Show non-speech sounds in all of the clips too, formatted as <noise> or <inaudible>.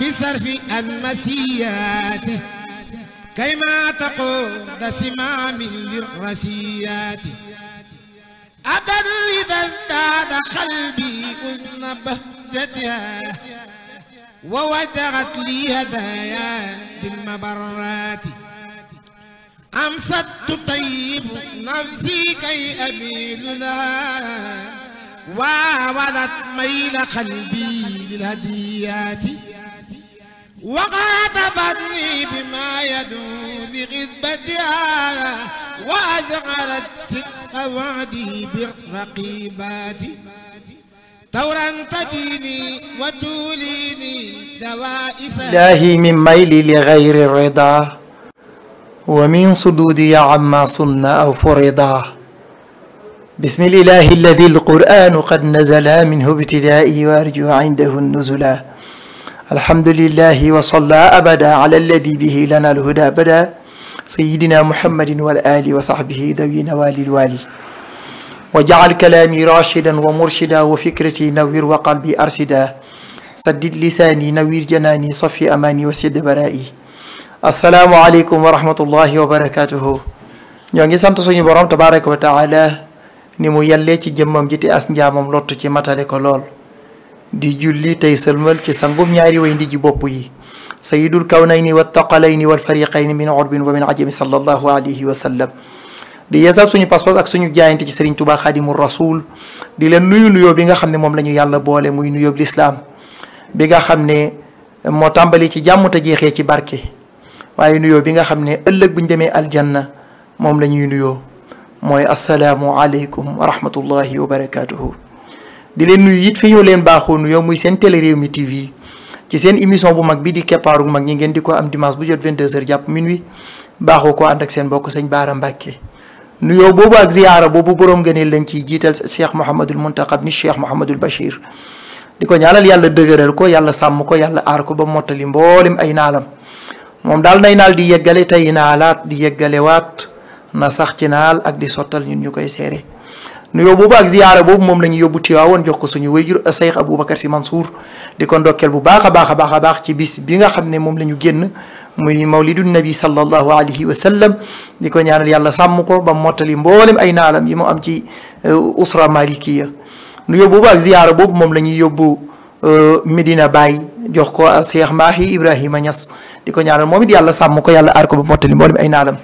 بصرف المسيات كيما تقود سمام للرسيات أدل إذا ازداد قلبي أذن بهجتها ووجغت لي هدايا بالمبرات أمست تطيب نفسي كي أميل لها وعودت ميل قلبي للهديات وقاطبتني بما يدعو لغذبتها وأزغرت صدق وعدي بالرقيبات تورا تديني وتوليني دوائس إلهي من ميلي لغير الرضا ومن صدودي عما صن أو فرضا بسم الإله الذي القرآن قد نزلا منه ابتدائي وأرجو عنده النزلا الحمد لله وصلى أبدا على الذي به لنا الهدى بدا سيدنا محمد والآل وصحبه ذوي نوال الوالي وجعل كلامي راشدا ومرشدا وفكرتي نوير وقلبي أرشدا سدد لساني نوير جناني صفي أماني وسد برائي السلام عليكم ورحمة الله وبركاته ñoo ngi sant suñu borom tabaraka wa taala ni mu yellee ci jëmmam ji te as njaamam lottu ci matale ko lool di julli tey sëlmal ci sangum ñaari way ndi ji bopp yi sayidul kawnayni wattaqalayni walfariqayni min urbin wa min ajami sallallahu alayhi wa sallam di yeesal suñu pas-pas ak suñu jaayante ci Serigne Touba Xaadimu Rasul di leen nuyu nuyoo bi nga xam ne moom la ñu yàlla boole muy nuyoob lislaam bi nga xam ne moo tàmbali ci jàmm te jeexee ci barke waaye nuyoo bi nga xam ne ëllëg bu ñu demee aljanna moom la ñuy nuyoo mooy asalaamu aleykum wa rahmatullahi wa barakatuhu di leen nuyu it fi ñu leen baaxoo nuyoo muy seen télé Rewmi TV ci seen émission bu mag bi di keppaaru mag ñi ngeen di ko am dimanche bu jot 22h jàpp minuit baaxoo ko ànd ak seen bokk sañ Baara Mbàkke nuyoo boobu ak ziyaara boobu borom gëneel lañ ciy jiital Cheikh Mouhamadul Muntaqa ni Cheikh Mouhamadul Bachir di ko ñaalal yàlla dëgëral ko yàlla sàmm ko yàlla aar ko ba mottali mboolem ay naalam moom daal nay naal di yeggale tey naalaat di yeggalewaat na sax ci naal ak di sottal ñun ñu koy seere nuyoo boobu ak ziyaara boobu moom la ñu yóbbu Tiwaawoon jox ko suñu wayjur Seex Aboubacar Sy Mansour di ko ndokkeel bu baax a baax baax a baax ci bis bi nga xam ne moom la ñu génn muy mawlidu nabi sallallahu alayhi wa sallam di ko ñaanal yàlla sàmm ko ba mottali mboolem ay naalam yi mu am ci uh, usra malikiya nuyoo boobu ak ziyaara boobu moom la ñuy yóbbu uh, Medina Baye jox ko Seex Maahi Ibrahima Niass di ko ñaanal moom it yàlla sàmm ko yàlla aar ko ba mottali mboolem ay naalam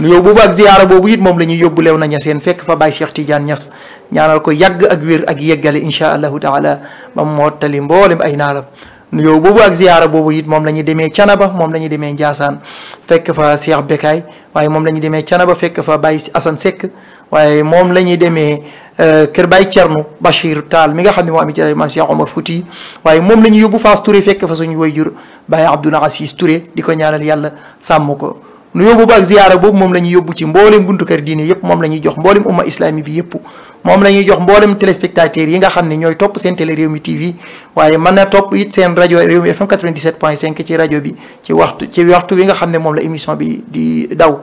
nuyoo boobu ak ziyaara boobu it moom la ñuy yóbbu Léona Niassène fekk fa Baye seex Tidiane Niass ñaanal ko yàgg ak wér ak yeggale incha allahu taala ba mu mottali mboolem ay naalam yow boobu ak ziyaara boobu it moom la ñuy demee Canaba moom la ñuy demee Ndiassane fekk fa Cheikh Bekay waaye moom la ñuy demee Canaba fekk fa Baye Assane Seck waaye moom la ñuy demee euh, Kër Baye Thierno Bachir taal mi nga xam ne moo am ci maam Cheikh Omar Fouti waaye moom la ñuy yóbbu Fass Touré fekk fa suñu wayjur Baye Abdoulaye Assis Touré di ko ñaanal yàlla sàmm ko. nu yóbbu ba ak ziyaara boobu moom la ñuy yóbbu ci mboolem buntu kër diine yëpp moom la ñuy jox mboolem umma islami bi yëpp moom la ñuy jox mboolem téléspectateurs yi nga xam ne ñooy topp seen télé réew mi TV waaye man na topp it seen rajo réew mi FM 97.5 ci rajo bi ci waxtu ci waxtu wi nga xam ne moom la émission bi di daw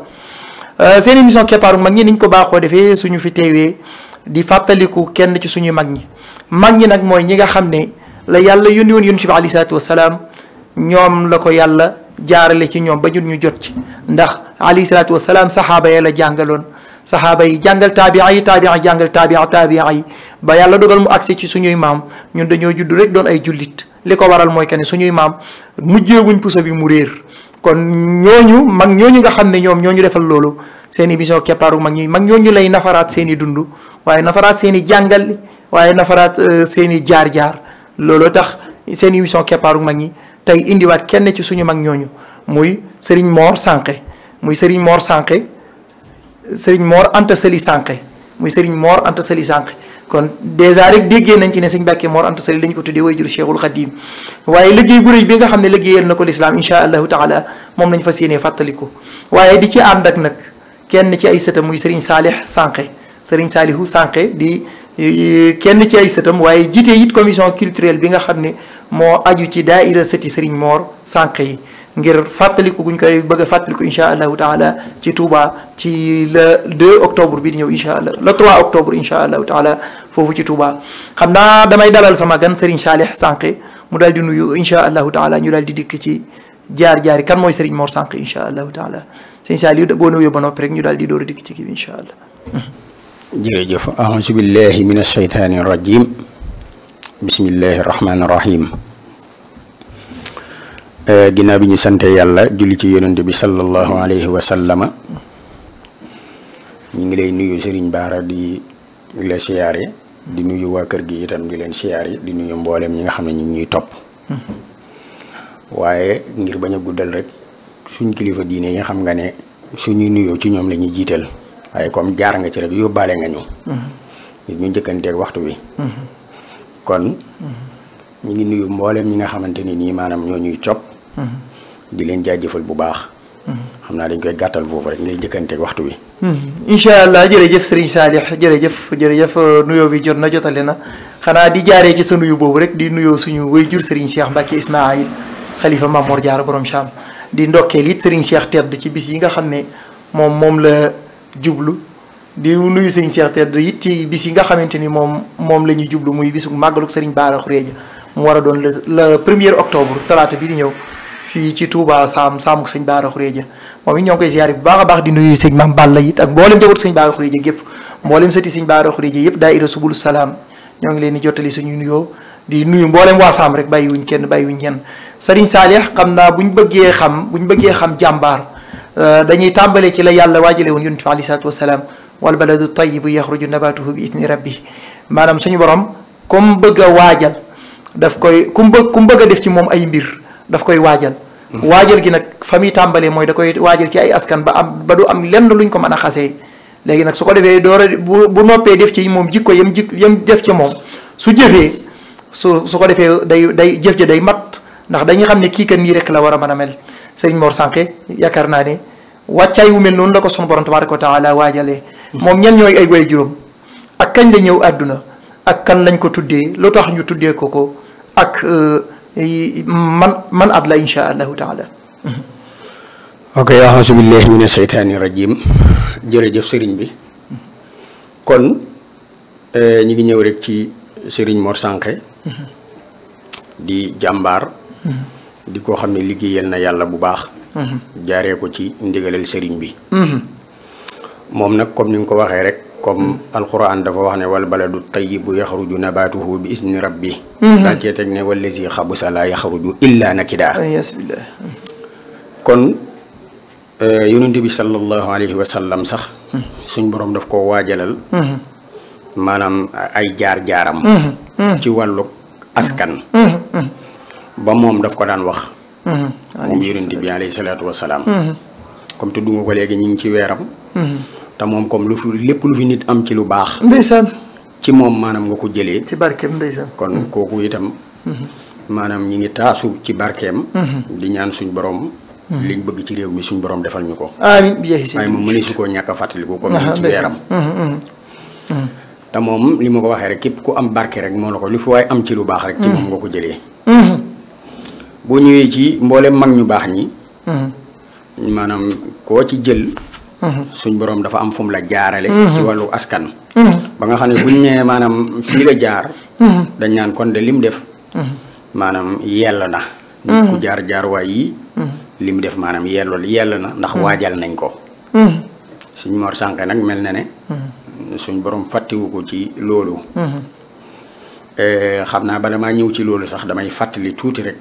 euh, seen émission keppaaru mag ñi niñ ko baaxoo defee suñu fi teewee di fàttaliku kenn ci suñu mag ñi mag ñi nag mooy ñi nga xam ne la yàlla yónni woon yónni bi alayhi salaatu wasalaam ñoom la ko yàlla jaarale ci ñoom ba ñun ñu jot ci ndax alayhi salaatu wasalaam saxaaba ya la jàngaloon saxaaba yi jàngal taabia yi taabia jàngal taabia taabia yi ba yàlla dogal mu agsi ci suñuy maam ñun dañoo juddu rek doon ay jullit li ko waral mooy que ne suñuy maam mujjeewuñ puso bi mu réer kon ñooñu mag ñooñu nga xam ne ñoom ñooñu defal loolu seen émission keppaaru mag ñi mag ñooñu lay nafaraat seeni dund waaye nafaraat seen i jàngal waaye nafaraat euh, seen i jaar-jaar looloo tax seen émission keppaaru mag ñi tey indiwaat kenn ci suñu mag ñooñu muy sëriñ moor Sànqe muy sëriñ Mor Sànqe sëriñ Mor Anta Sali Sànqe muy sëriñ Mor Anta Sali Sànqe kon dèjà rek déggee nañ ci ne sëñ Mbàkke Mor Anta Sali dañ ko tuddee wayjur Cheikhul Khadim waaye liggéey bu rëy bi nga xam ne liggéeyal na ko lislaam incha allahu taala moom lañ fas yéenee fàttaliku waaye di ci ànd ak nag kenn ci ay sëtam muy sëriñ Saalih Sànqe sëriñ Saalihu Sànqe di. Euh, kenn ci ay sëtam waaye jiite it commission culturelle bi nga xam ne moo aju ci daaira sëti Serigne Mor sànq yi ngir fàttaliku guñ koy bëgg a fàttaliku incha allahu taala ci Touba ci le 2 octobre bi ñëw incha allah le 3 octobre incha allahu taala foofu ci Touba. xam naa damay dalal sama gan Serigne Salih Sànq mu daal di nuyu incha allahu taala ñu daal di dikk ci jaar jaari kan mooy Serigne moor Sànq incha allahu taala Serigne Salih boo nuyoo ba noppi rek ñu daal di door dikk ci kii bi incha allah. jërëjëf ahuzu billahi min asheytaani irrajim bismillahi irrahmaani irrahim eh, ginnaaw bi ñu sante yàlla julli ci yonente bi sallallahu alayhi wa sallama ñu ngi lay nuyu sëriñ baara di la siyaare di nuyu waa kër gi itam di leen siyaare di nuyu mbooleem ñi nga xam ne ñu ngi ñuy topp waaye ngir bañ a guddal rek suñ kilifa diine yi xam nga ne su ñuy nuyoo ci ñoom lañuy ñuy jiital waaye comme jaar nga ci rek yóbbaale nga ñu. Mm-hmm. ñu njëkkanteeg waxtu wi. Mm-hmm. kon mm-hmm. ñu ngi nuyu mbooleem ñi nga xamante ni nii ñoo ñuy copp. di leen jaajëfal bu baax. xam naa dañ koy gàttal foofu rek ngir njëkkanteeg waxtu wi. incha allah jërëjëf Serigne Salih jërëjëf jërëjëf euh, nuyoo bi jot na jotale na xanaa di jaaree ci sa nuyu boobu rek di nuyoo suñu wayjur Serigne Cheikh Mbacke Ismaïl xalifa Mamor Diarra borom Cham di ndokkeel it Serigne Cheikh tedd ci bis yi nga xam ne moom moom la. jublu di nuyu sëñ Cheikh Tedd yi ci bis yi nga xamante ni moom moom la ñuy jublu muy bisu màggaluk sëriñ Baara Xureeja mu war a doon le le premier octobre talaata bi di ñëw fii ci Touba Sam Samuk sëñ Baara Xureeja moom yi ñoo koy ziare bu baax baax di nuyu sëñ Maam Balla it ak mboolem jagut sëñ Baara Xureeja gépp mboolem sëti sëñ Baara Xureeja yëpp daayira subul salaam ñoo ngi leen di jottali suñu nuyoo di nuyu mboolem waa Sam rek bàyyiwuñ kenn bàyyiwuñ kenn sëriñ Saalih xam naa buñ bëggee xam buñ bëggee xam jàmbaar Euh, dañuy tàmbale ci la yàlla waajale woon yonent bi aleyhi salaatu wasalaam wal baladu tayibu yaxruju nabatuhu bi idni rabbi maanaam suñu borom comme bëgg a waajal daf koy ku mu def ci moom ay mbir daf koy waajal hmm. waajal gi nag fa muy tàmbalee mooy da koy waajal ci ay askan ba am ba du am lenn luñ ko mën a xasee léegi nag su ko defee door a bu bu def ci moom jikko yam jik yam def ci moom su jëfee su su ko defee day day jëf ja day mat ndax dañuy xam ne kii kan nii rek la war a mën a mel sëriñ Mor Sànqe yaakaar naa ne wàccaay wu mel noonu la ko sunu borom tabaaraka wa taala waajalee. moom ñan ñooy ay goy juróom ak kañ la ñëw àdduna ak kan lañ ko tuddee lu tax ñu tuddee ko ko ak euh, man man at la incha allahu taala. ok aouzu billahi mina seytaani rajim jërëjëf sëriñ bi kon euh, ñi ngi ñëw rek ci sëriñ Mor Sànqe mhm. di jàmbaar. Mhm. di koo xam ne liggéeyal na yàlla bu baax. Mhm. jaaree ko ci ndigalal sëriñ bi. Mhm. moom nag comme ni nga ko waxee rek comme alxuraan dafa wax ne wal baladu tayyibu yaxruju nabaatuhu bi isni rabbi. Mhm. daa cee teg ne wallazi xabusa laa yaxruju illaa nakidaa. kon euh, yonent bi sallallahu alayhi wa sallam sax. suñ borom daf ko waajalal. maanaam ay jaar jaaram. ci wàllu askan. ba moom daf ko daan wax. Mm-hmm. moom yonent bi alayhi salaatu wa salaam. Mm-hmm. comme tudd nga ko léegi ñu ngi ci weeram. Mm-hmm. te moom comme lu fi lépp lu fi nit am ci lu baax. ndeysaan ci moom maanaam nga ko jëlee. ci barkeem ndeysaan kon kooku itam. maanaam ñi ngi taasu ci barkeem. di ñaan suñ borom. liñ bëgg ci réew mi suñ borom defal ñu ko. amiin bi jeex si waaye moom mëneesu koo ni ci weeram. te moom li ma ko waxee rek képp ku am barke rek moo la ko lu fi waaye am ci lu baax rek. ci moom nga ko jëlee. boo ñëwee ci mboolem mag ñu baax ñi. Mhm. maanaam koo ci jël. Mhm. suñ borom dafa am fu la jaarale. Mhm. ci wàllu askan. ba nga xam ne buñ nee maanaam fii la jaar. dañ naan kon de lim def. maanaam yell na. jaar jaaruwaay yi. li mu def maanaam yellul yell na ndax waajal nañ ko. suñ Mor Sànq nag mel na ne. suñ borom fàttiwu ko ci loolu. Eh, xam naa bala maa ñëw ci loolu sax damay fàttali tuuti rek.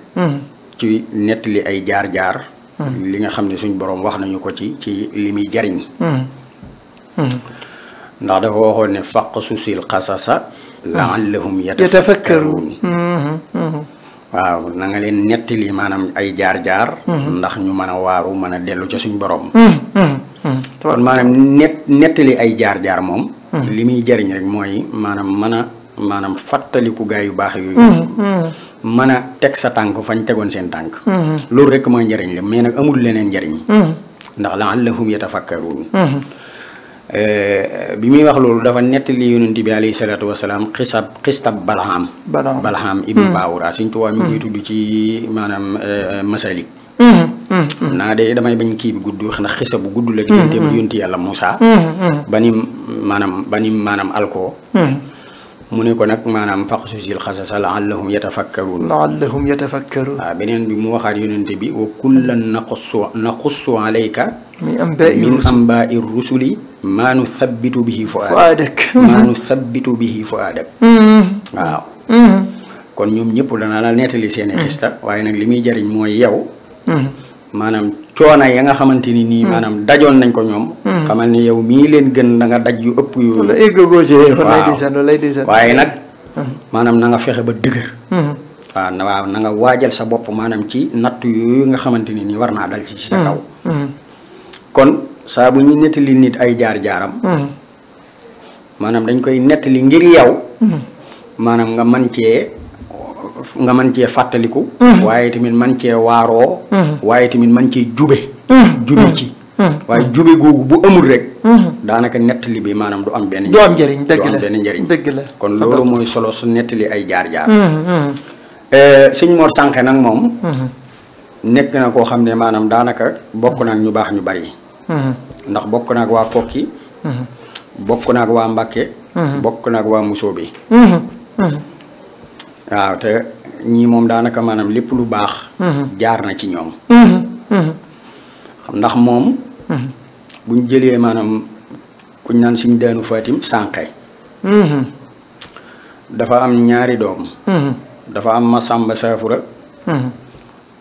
ci nettali ay jaar-jaar. li nga xam ne suñ boroom wax nañu ko ci ci li muy jariñ. ndax dafa waxoon ne faq susil xasasa. laallahum yatafakkaruun waaw na leen nettali maanaam ay jaar-jaar. ndax ñu mën a waaru mën a dellu ca suñ boroom kon maanaam nettali ay jaar-jaar moom. li muy jariñ rek mooy maanaam mën a maanaam fàttaliku gaa yu baax yooyu. mën a teg sa tànk fañ tegoon seen tànk. Mm-hmm. loolu rek mooy njëriñ la mais nag amul leneen njëriñ. Mm-hmm. ndax laallahum yatafakkaruun mm-hmm. eh, bi muy wax loolu dafa nettali yonent bi alayhi salaatu wasalaam xisab xistab balham balham ibnu baawura Sëñ Tuubaa mi koy tudd ci maanaam eh, masalik naa de damay bañ kii bi gudd ndax xisa bu gudd la diggante yonent yàlla Muusaa banim maanaam banim maanaam alko mu ne ko nag maanaam faqsusil qasasa laallahum yatafakkaruun laallahum yatafakkaruun waaw beneen bi mu waxaat yonente bi wa kullan naqussu naqussu alayka min ambaa'i rusuli maa nu thabbitu bihi fu'aadak maa nu thabbitu bihi fu'aadak mm-hmm. waaw mm-hmm. kon ñoom ñëpp danaa la nettali seeni xista mm-hmm. waaye nag li muy jariñ mooy yow maanaam coono ya nga xamante ni nii hmm. maanaam dajoon nañ ko ñoom hmm. xamal ni yow mii leen gën da nga daj yu ëpp yu waaw waaye nag hmm. maanaam na nga fexe ba dëgër waaw waaw na nga waajal sa bopp maanaam ci natt yooyu nga xamante ni nii war naa dal ci ci sa kaw kon saa bu ñuy nettali nit ay jaar-jaaram maanaam dañ koy nettali ngir yow maanaam nga man cee nga mën cee fàttaliku. Mm-hmm. waaye tamit man cee waaroo. Mm-hmm. waaye tamit mën cee jube. Mm-hmm. jube ci. waaye jube googu bu amul rek. daanaka nettali bi maanaam du am benn. njëriñ am njëriñ dëgg la benn njëriñ dëgg la. kon loolu mooy solo su nettali ay jaar-jaar. Eh, sëñ Mor Sànqe nag moom. nekk na koo xam ne maanaam daanaka bokk naag ñu baax ñu bari. ndax bokk naag waa Kokki. bokk naag waa Mbakke. bokk naag waa Musoo bi. waaw te ñii moom daanaka maanaam lépp lu baax. Mhm. jaar na ci ñoom. Mhm, mhm. ndax moom. buñ jëlee maanaam kuñ naan siñ deenu Fatim Sànqe. dafa am ñaari doom. dafa am ma Masamba Saafura.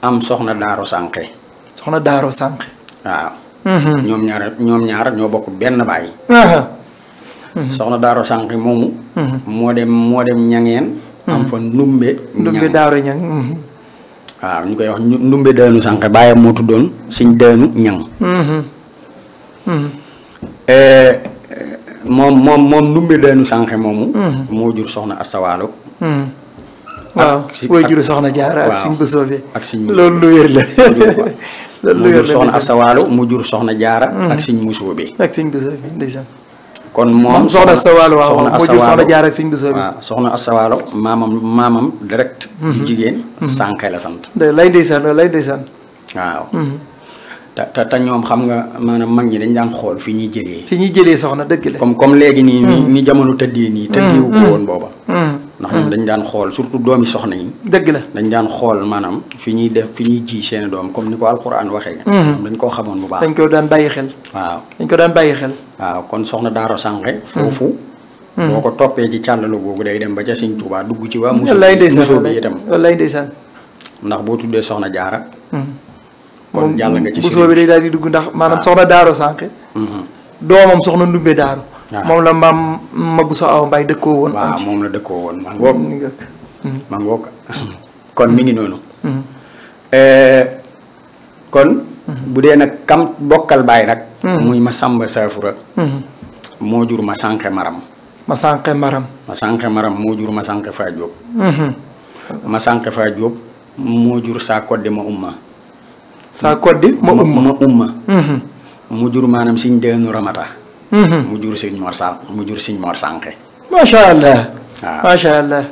am soxna Daaro Sànqe. soxna Daaro Sànqe. waaw. ñoom ñaar ñaar ñoo bokk benn baay. soxna Daaro Sànqe moomu. moo dem moo dem ñangeen am fa ndumbe ndumbe mhm. ñu koy wax ndumbe daanu sànq bàyyam moo tuddoon siñ daanu ñang moom moom moom ndumbe daanu sànq moomu mhm. moo jur soxna astawaalo mhm. waaw way soxna jaara ak siñ bësoo bi ak siñ loolu lu loolu lu wér la mu <laughs> jur soxna astawaalo mu jur soxna jaara ak siñ musoo bi kon moom soxna Asawaalo waaw moo jur soxna jaar ak sëñ Bousso bi waaw soxna Asawaalo maamam maamam direct di mhm. jigéen mhm. sànqe la sant lay ndeysaan lay ndeysaan waaw te mhm. te ñoom xam nga maanaam mag ñi dañ daan xool fi ñuy jëlee fi ñuy jëlee soxna dëgg la comme comme léegi nii ni ni jamono tëddee nii tëddeewu ko woon booba ndax ñun hmm. dañ daan xool surtout doomi soxna yi dëgg la dañ daan xool maanaam fi ñuy def fi ñuy ji seeni doom comme ni ko alxuraan waxee hmm. dañ koo xamoon bu baax dañ ko daan bàyyi xel waaw dañ ko daan bàyyi xel waaw kon soxna daaro sànqe hmm. foofu boo ko toppee ci càllala googu day dem ba ca Sëñ Tuubaa dugg ci waa musóo bi itam wallaay ndeysaan ndax boo tuddee soxna jaara kon jàll nga ci musóo bi day daal di dugg ndax maanaam soxna daaro sànqe doomam soxna ndumbe daaro Ah. moom la mbaam magu sa aw mbaay dëkkoo woon. waaw moom la dëkkoo woon man ngoog. Hmm. kon mi ngi noonu. Hmm. Eh, kon. Hmm. bu dee nag kam bokkal baay nag. muy Masamba Saafura. moo jur ma sànqe maram. ma sànqe maram. ma sànqe moo jur ma sànqe faa jóob. ma sànqe faa jóob moo jur saa kodde ma umma. saa kodde ma umma ma umma. mu jur maanaam siñ deenu ramata. Mhm. mu jur sëñ Mor Sàn mu jur sëñ Mor Sànqe. macha allah. waaw allah.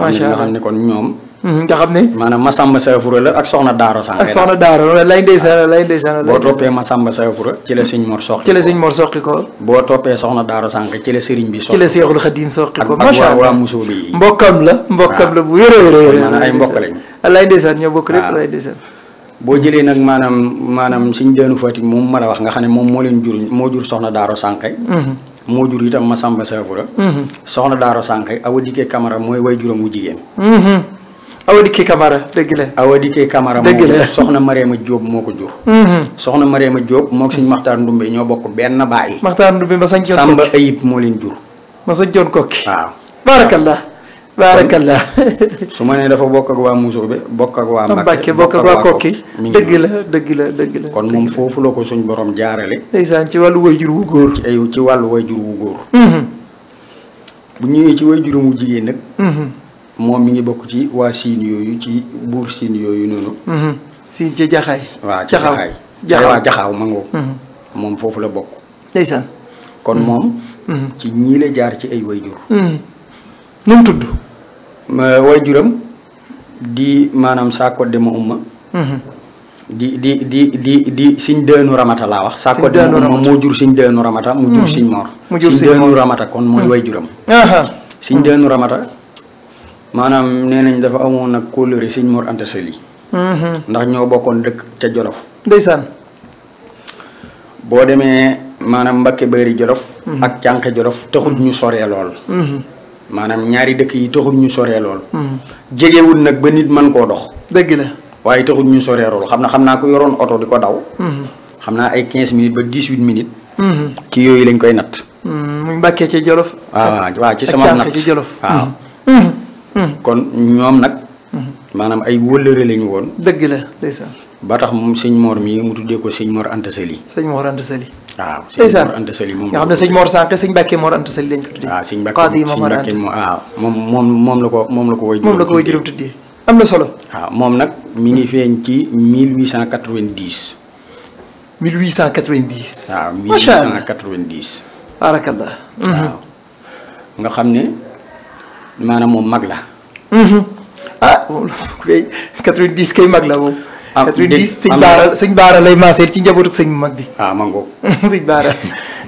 macha allah xam ne kon ñoom. Mhm, nga xam ne. maanaam Masamba Saafura la ak Soxna Daaro Sànqe. ak Soxna Daaro lay ndeysaan lay ndeysaan. boo toppee Masamba Saafura ci la sëñ Mor soqi ko ci la sëñ Mor soqi ko. boo toppee Soxna Daaro Sànqe ci la sëriñ bi. soqi ko ci la Seexul Xadiim soqi ko. macha allah mbokkam la mbokkam la bu yore yore yore. maanaam ay mbokk lañ. lay ndeysaan ñoo bokk lépp lay ndeysaan boo jëlee nag maanaam maanaam suñ deenu Fatick moom ma a wax nga xam ne moom moo leen jur moo jur soxna Daaro Sànqe mm-hmm. moo jur itam Masamba Saafura mm-hmm. soxna Daaro Sànqe Awa Dikke Camara mooy way juróom wu jigéen mm-hmm. Awa Dikke Camara dëgg la Awa Dikke Camara moom soxna Mariama Diop moo ko jur soxna Mariama Diop mook suñ Maxtaar Ndumbe ñoo bokk benn baay Maxtaar Ndumbe ma sañ Samba Ayib moo leen jur ma sañ joon kokki waaw barakallah baarakallah <laughs> su ma nee dafa bokk ak waa Musobe bokk ak waa Mbàkke bokk ak waa Kokki dëgg la dëgg la dëgg la kon moom foofu la ko suñ borom jaarale ndeysaan ci wàllu wayjur wu góor ci ay ci wàllu wayjur wu góor mm-hmm. bu ñëwee ci wayjur mu jigéen nag mm-hmm. moom mi ngi bokk ci waa siin yooyu ci buur siin yooyu noonu mm-hmm. siin ci jaxaay waa jaxaay jaxaay jaxaaw ma ngoog moom foofu la bokk ndeysaan kon moom ci ñii la jaar ci ay wayjur nu mu tudd waajuram di maanaam saakodde ma umma mhm. di di di di di siñ deenu ramata laa wax saakodde ma umma moo jur siñ deenu ramata mu jur mhm. siñ moor siñ deenu ramata kon mooy mhm. waajuram siñ deenu ramata maanaam nee nañ dafa amoon nag kóllëre siñ moor anta sali ndax ñoo bokkoon dëkk ca jolof ndeysaan boo demee maanaam mbakke bëri jolof ak cànq jolof taxut ñu soree lool maanaam ñaari dëkk yi taxul ñu soree lool. Hmm. nag ba nit man koo dox. dëgg la waaye taxul ñu soree xam na xam naa ko yoroon oto di ko daw. Hmm. xam naa ay 15 minutes ba 18 minutes. Hmm. ci yooyu lañ koy natt. mu mbàkkee ci Jolof. Ah, waaw waaw ci sama natt ci Jolof waaw. kon ñoom nag. maanaam ay wëllëre lañu woon. dëgg la ba tax moom sëñ Mor mii mu tuddee ko sëñ Mor Anta Sali. sëñ Mor Anta Sali. waaw sëñ Mor Anta Sali moom. nga xam ne sëñ Mor sànq sëñ Mbàkke Mor Anta Sali lañ ko tuddee. waaw ah, sëñ Mbàkke sëñ Mbàkke waaw ah, moom moom moom la ko moom la ko. moom la ko way juróom tuddee am na solo. waaw ah, moom nag mi ngi feeñ ci 1890. 1890. waaw 1890. barakallah. Mhm. waaw nga xam ne maanaam moom mag la. Mhm. ah 90 <laughs> kay mag la moom. 90 ah, sëñ baara sëñ baara lay maaseel ci njabootu sëñ mag bi ah ma ngoog <laughs> sëñ baara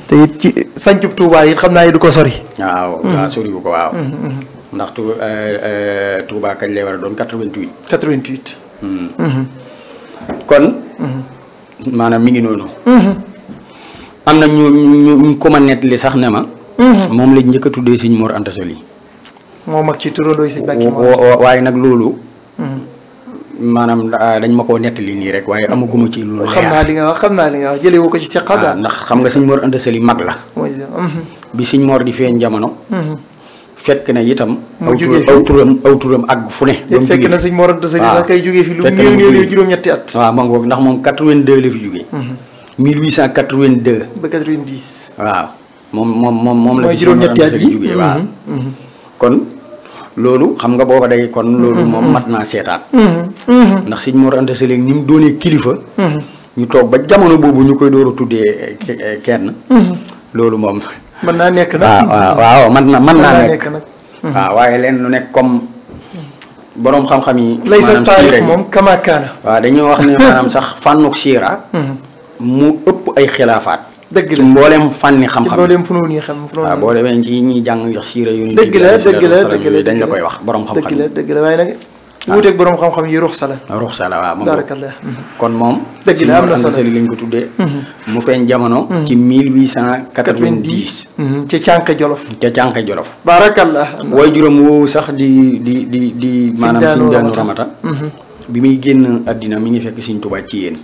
te it ci sancub Touba it xam naa ne du ko sori waaw mm-hmm. ko waaw mm-hmm. ndax tu eh, eh, kañ lay war a doon 88 88 mm. mm-hmm. kon maanaam mi ngi noonu am na ñu ñu ko ma nettali sax ne ma moom lañ njëkk a tuddee sëñ Mor Anta Sali moo mag ci turandoo yi sëñ Mbàkke waaye nag loolu maanaam ah, dañ ma koo nettali nii rek waaye amaguma ci lu leer xam naa li nga wax xam naa li nga wax jëlee wu ko ci seqa ah, ndax xam nga suñ Mor Anta mag la mhm. bi suñ Mor di feeñ jamono mhm. fekk na itam aw turam aw turam àgg fu ne ah, fekk na suñ Mor Anta Sali sax kay jógee fi lu néew néew néew juróom-ñetti at waaw ma ngoog ndax moom 82 la fi jógee mhm. 1882 moom moom la fi juróom-ñetti at yi waaw kon loolu xam nga booba day kon mm-hmm. loolu moom mat naa seetaat mm-hmm. ndax sëñ Mor Anta Sali ni mu doonee kilifa mm-hmm. ñu toog ba jamono boobu ñu koy door a tuddee eh, kenn loolu moom mën naa nekk nag waaw waaw mën na mën naa nekk nag waaw waaye leen lu nekk comme boroom xam-xam yi lay sa taarix moom kamaakaana waaw dañuy wax ne maanaam sax fànnuk siira mu ëpp ay xilaafaat dëgg la mbooleem fànni xam-xam mbooleem funoon yi xam waaw boo demee ci ñuy jàng jox siira yu dëgg la dëgg la dëgg la dañ la koy wax borom xam la dëgg la waaye nag wuuteeg borom xam-xam yi ruux sala ruux sala waaw moom barakallah mhm. kon moom dëgg la am na solo lañ ko tuddee mhm. mu feeñ jamono mhm. ci 1890 ca cànq jolof ca cànq jolof barakallah waaye juróom woowu sax di di di di maanaam suñ daanu ramata bi muy génn àddina mi ngi fekk suñ tubaab ci yéen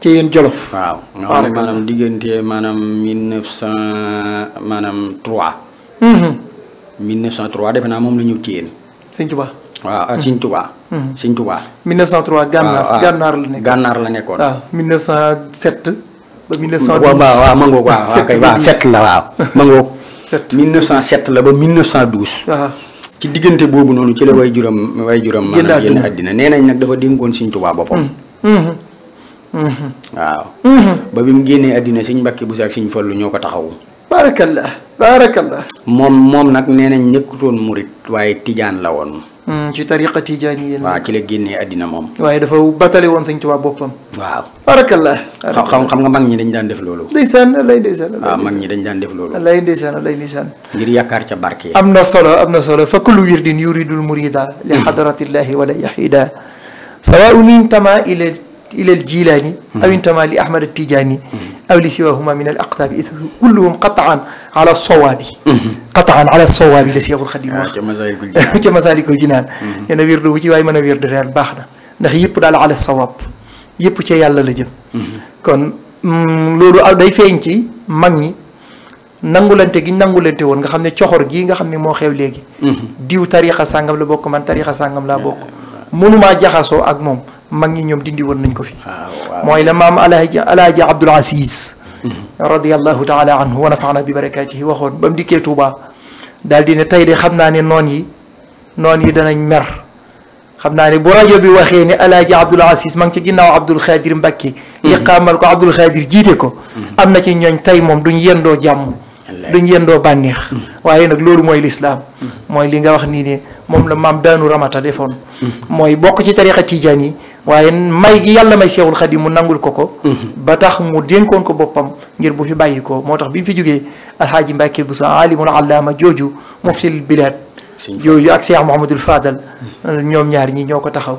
ci yéen Jolof. waaw nga xam ne diggante maanaam mille neuf cent maanaam trois. Mhm. mille neuf cent trois naa moom la ñëw ci yéen. Sëñ Tuba. waaw ah, Sëñ Tuba. Mhm. Mhm. Sëñ Tuba. 1903 gànnaar gànnaar la nekkoon gànnaar la nekkoon. waaw 1907. ba 1912 waaw waaw ma ngoog waaw kay waaw la waaw ma ngoog. 7 1907 la ba 1912. waaw ah. ci diggante boobu noonu ci la way juróom way juram. maanaam génn àddina nee nañ nag dafa dénkoon Sëñ Tuba boppam. Mm. Mm-hmm. Mm-hmm. waaw. Mm-hmm. ba bi mu génnee àddina suñ mbakki bu ak suñ fallu ñoo ko taxaw baarakallah baarakallah. moom moom nag nee nañ nekkutoon murit waaye tijaan la woon. Mm, ci tariqa tijaani waaw ci la génnee àddina moom. waaye dafa batale woon sëñ Tuubaa boppam. waaw barakallah. xam xam nga mag ñi dañ daan def loolu. ndeysaan lay ndeysaan. waaw mag ñi dañ daan def loolu. lay ndeysaan lay ndeysaan. ngir yaakaar ca barke. am na solo am na solo fa kullu wirdin yuridul murida li mm-hmm. hadratillahi wala yahida sawaun intama ila إلى الجيلاني أو انتمى لأحمد التيجاني أو لسواهما من الأقطاب كلهم قطعا على الصواب قطعا على الصواب la Seexul Xadiim wax ca Masaalikul Jinaan nee na wirdu wu ci waaye mën a wirdu daal baax na ndax yëpp daal ala sawaab yëpp ca yàlla la jëm kon loolu day feeñ ci mag ñi nangulante gi nangulante woon nga xam ne coxor gii nga xam ne moo xew léegi mm-hmm. diw tarixa sàngam la bokk man tarixa sàngam laa bokk maa jaxasoo ak moom mag ñi ñoom dindi woon nañ ko fi. Ah, mooy la maam Alaaji Alaaji Abdul Aziz. radiyallahu taala anhu wa nafaana bi barakaatihi waxoon ba mu dikkee Touba. daal di ne tey de xam naa ne noon yi noon yi danañ mer xam naa ne bu rajo bi waxee ne Alaaji Abdul Aziz ma ngi ci ginnaaw Abdul Xaadir Mbacke. liqaamal mhm. ko Abdul Xaadir jiite ko. Mhm. am na ci ñooñ tey moom duñ yendoo jàmm. duñ yendoo bànneex. Mhm. waaye nag loolu mooy lislaam mooy li nga wax nii ne moom la maam daanu ramata defoon. mooy bokk ci tariqa tijaan yi. waaye may gi yàlla may seexul xadim mu nangul ko ko mhm. ba tax mu dénkoon ko boppam ngir bu fi bàyyi ko moo tax bi fi jógee alxaaji mbàkke bu sa alimul allaama jooju muftil bilad jooju ak seex mohamadul faadal ñoom ñaar ñi ñoo ko taxaw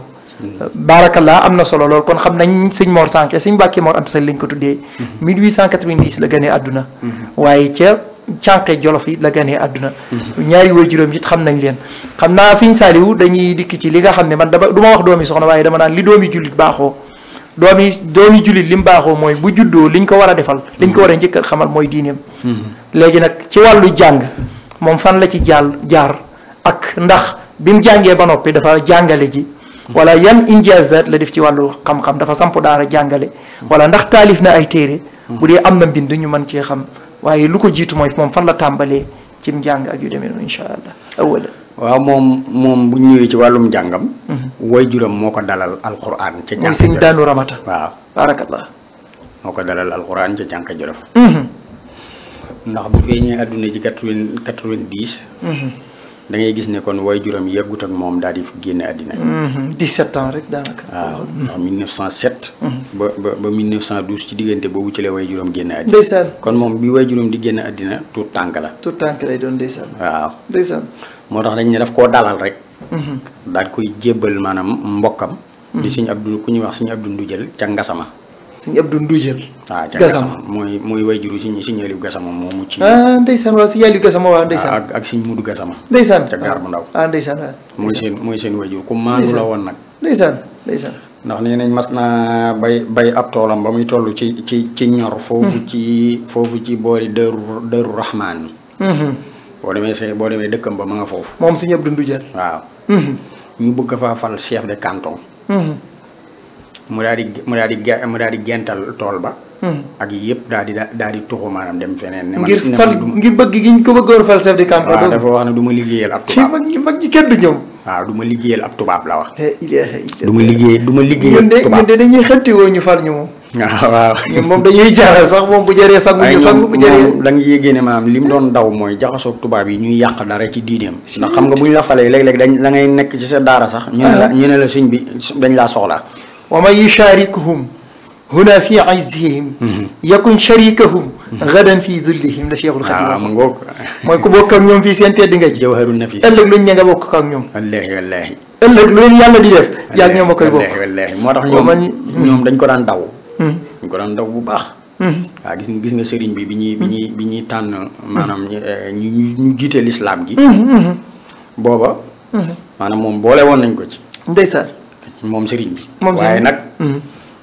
barakallah am na solo lool kon xam nañ sëñ Mor Sànke sëñ Mbàkke Mor Anta Sali lañ ko tuddee 1890 mhm. la gënee àdduna mhm. waaye ca cànqe jolof yi la ganee àdduna ñaari way juróom it xam nañ leen xam naa sëñ Saaliwu dañuy dikk ci li nga xam ne man dama du ma wax doomi soxna waaye dama naan li doomi jullit baaxoo doomi doomi jullit li mu baaxoo mooy bu juddoo liñ ko war a defal liñ ko war a njëkk xamal mooy diineem mm-hmm. léegi nag ci wàllu jàng moom fan la ci jàll jaar ak ndax bi mu jàngee ba noppi dafa jàngale ji wala yan injazat la def ci wàllu xam-xam dafa samp daara jàngale wala ndax taalif na ay téere mm-hmm. bu dee am na mbind ñu mën cee xam waaye lu ko jiit mooy moom fan la tàmbalee ci njàng ak yu demee noonu incha allah awala waaw moom moom bu ñëwee ci wàllum njàngam. Mhm. way juram moo ko dalal alquran. ca jànq sëñ daanu ramata. waaw barakallah. moo ko dalal alquran ca jànq jolof. Mhm. ndax bu feeñee àdduna ci quatre-vingt quatre-vingt-dix. Mhm. da ngay gis ne kon way juram yeggut ak moom daal di génne àddina. 17 mhm, ans rek daanaka. waaw waaw 1907. Mhm. ba ba ba 1912 ci diggante boobu ci la juróom juram génne àddina. kon moom bi way juram di génne àddina tout tànk la. tout tànk lay doon ndeysaan. waaw moo tax dañ ne daf koo dalal rek. Mhm. daal koy jébbal maanaam mbokkam. di sëñ Abdou ku ñuy wax sëñ Abdou jël ca Ngasama. sëñ Abdou Ndujël. Ah, Gasama mooy mooy wayjuru si si ñëliw Gasama moo mucc. ah waaw si yàlliw Gasama waaw ndeysaan. Ah, ak ak sëñ Mudu Gasama. ndeysaan ca gaar bu ndaw. Ah, mooy seen mooy seen wayjur ku maanu la woon nag. ndax nee nañ mas naa bay bay ab toolam ba muy toll ci ci ci ñor. foofu hmm. ci foofu ci boori Dëru Dëru Rahman. Hmm. boo demee see boo demee dëkkam ba ma nga foofu. moom sëñ Abdou Ndujël. waaw. Hmm. ñu bëgg faa fal chef de canton. mu daal di mu daal di gental tool ba. Hmm. ak yëpp daal di daal di tuxu maanaam dem feneen. ne ngir fal ngir bëgg gi ñu ko bëggoon fal chef de campagne. waaw dafa ne du ma liggéeyal ab tubaab mag ñi mag ñi kenn ma liggéeyal ab tubaab la wax. du ma liggéey du ma liggéeyal ñu fal ñu moom. <laughs> waaw waaw moom dañuy jaaral sax moom bu jëree sangu ñu sangu bu jëree da nga li mu doon daw mooy jaxasoog tubaab yi ñuy yàq dara ci diineem ndax xam nga bu ñu la falee léeg-léeg dañ da ngay nekk ci sa daara sax ñu ne la ah. ñu ne la suñ bi dañ laa soxla ومن يشاركهم هنا في عزهم يكن شريكهم غدا في ذلهم la Cheikhul Khadim ah, waaw mu ngoog mooy ku bokk ak ñoom fii seen tedd nga ji jawharu nafis ëllëg luñ ne nga bokk ak ñoom wallaahi wallaahi ëllëg lu leen yàlla di def yaag ñoom a koy bokk wallaahi moo tax ñoom ñoom dañ ko daan daw hmm. ko daan daw bu baax waaw hmm. ah, gis nga sëriñ bi bi ñuy bi hmm. bi ñuy tànn maanaam ñu eh, ñu jiite lislaam gi booba maanaam moom boole woon nañ ko ci ndeysaan moom sëriñ bi. moom sëriñ bi waaye nag. Hmm.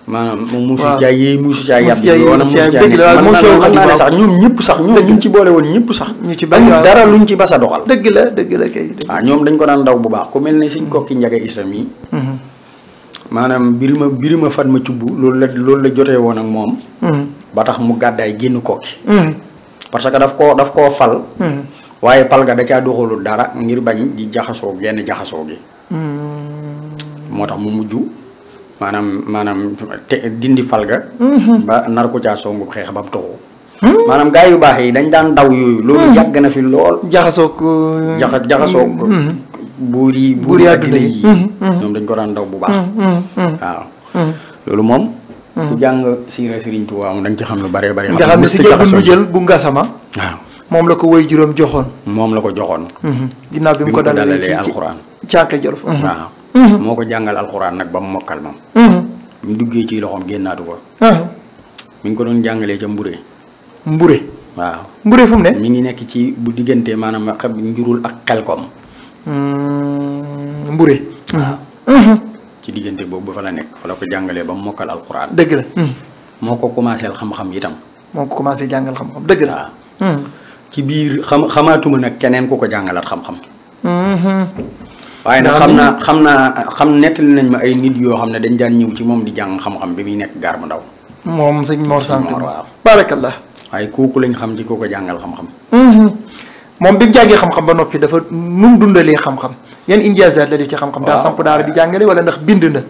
maanaam moom Moussa Diaye yee Moussa Diaye. Moussa Diaye Moussa Diaye dëgg la waaw Moussa Diaye mën naa ne sax ñoom ñëpp sax ñoom ñu ci boole woon ñëpp sax. ñu ci bañ dara luñ ci bas a doxal. dëgg la dëgg la kay. waaw ah, ñoom dañ ko daan daw bu baax ku mel ne suñ hmm. kokki njaga isam hmm. yi. maanaam birima birima fat ma cubb loolu la loolu la jotee woon ak moom. ba tax mu gàddaay génn kokki. parce que daf koo daf koo fal. waaye pal ga da caa doxalul dara ngir bañ di jaxasoo genn jaxasoo gi. moo tax mu mujj maanaam maanaam dindi falga. Mhm. ba nar ko caa songu xeex ba mu toxu hmm? maanaam gaa yu baax yi dañ daan daw yooyu. Hmm. loolu yàgg na fi lool. jaxasoog. Euh, jaxa jaxasoog. Hmm, buur yi buur yi àdduna yi ñoom dañ ko daan daw bu baax. waaw loolu moom. ku jàng siira Serigne Touba moom da ci xam lu bare bare. nga xam jël bu Ngasama. waaw moom la ko woy juróom joxoon. moom la ko joxoon. bi mu ko dalalee ci ci alxuraan. caake waaw. Mhm. moo ko jàngal alxuraan nag ba mu mokkal moom. Mhm. bi mu duggee ci loxoom génnaatu fa. Ah. mi ngi ko doon jàngalee ca Mbure. Mbure. waaw Mbure fu mu ne. mi ngi nekk ci bu diggante maanaam xam njurul ak xelkom. Mm, Mbure. Ah. Mhm. ci diggante boobu ba fa la nekk fa la ko jàngalee ba mu mokkal alxuraan. dëgg la. moo ko commencé xam-xam yi tam. moo ko commencé jàngal xam-xam dëgg la. ci biir xam xamaatuma nag keneen ku ko jàngalaat xam-xam. waaye nag xam naa xam xam nettali nañ ma ay nit yoo xam ne dañ daan ñëw ci moom di jàng xam-xam bi muy nekk gaar bu ndaw. moom sëñ Mor Sant waaw barakallah waaye kooku lañ xam ci kooku jàngal xam mm-hmm. moom bi mu jàngee xam-xam ba dafa nu mu dundalee xam-xam yan injaazaat la def ci xam-xam. daa samp daara di jàngale wala ndax bind na.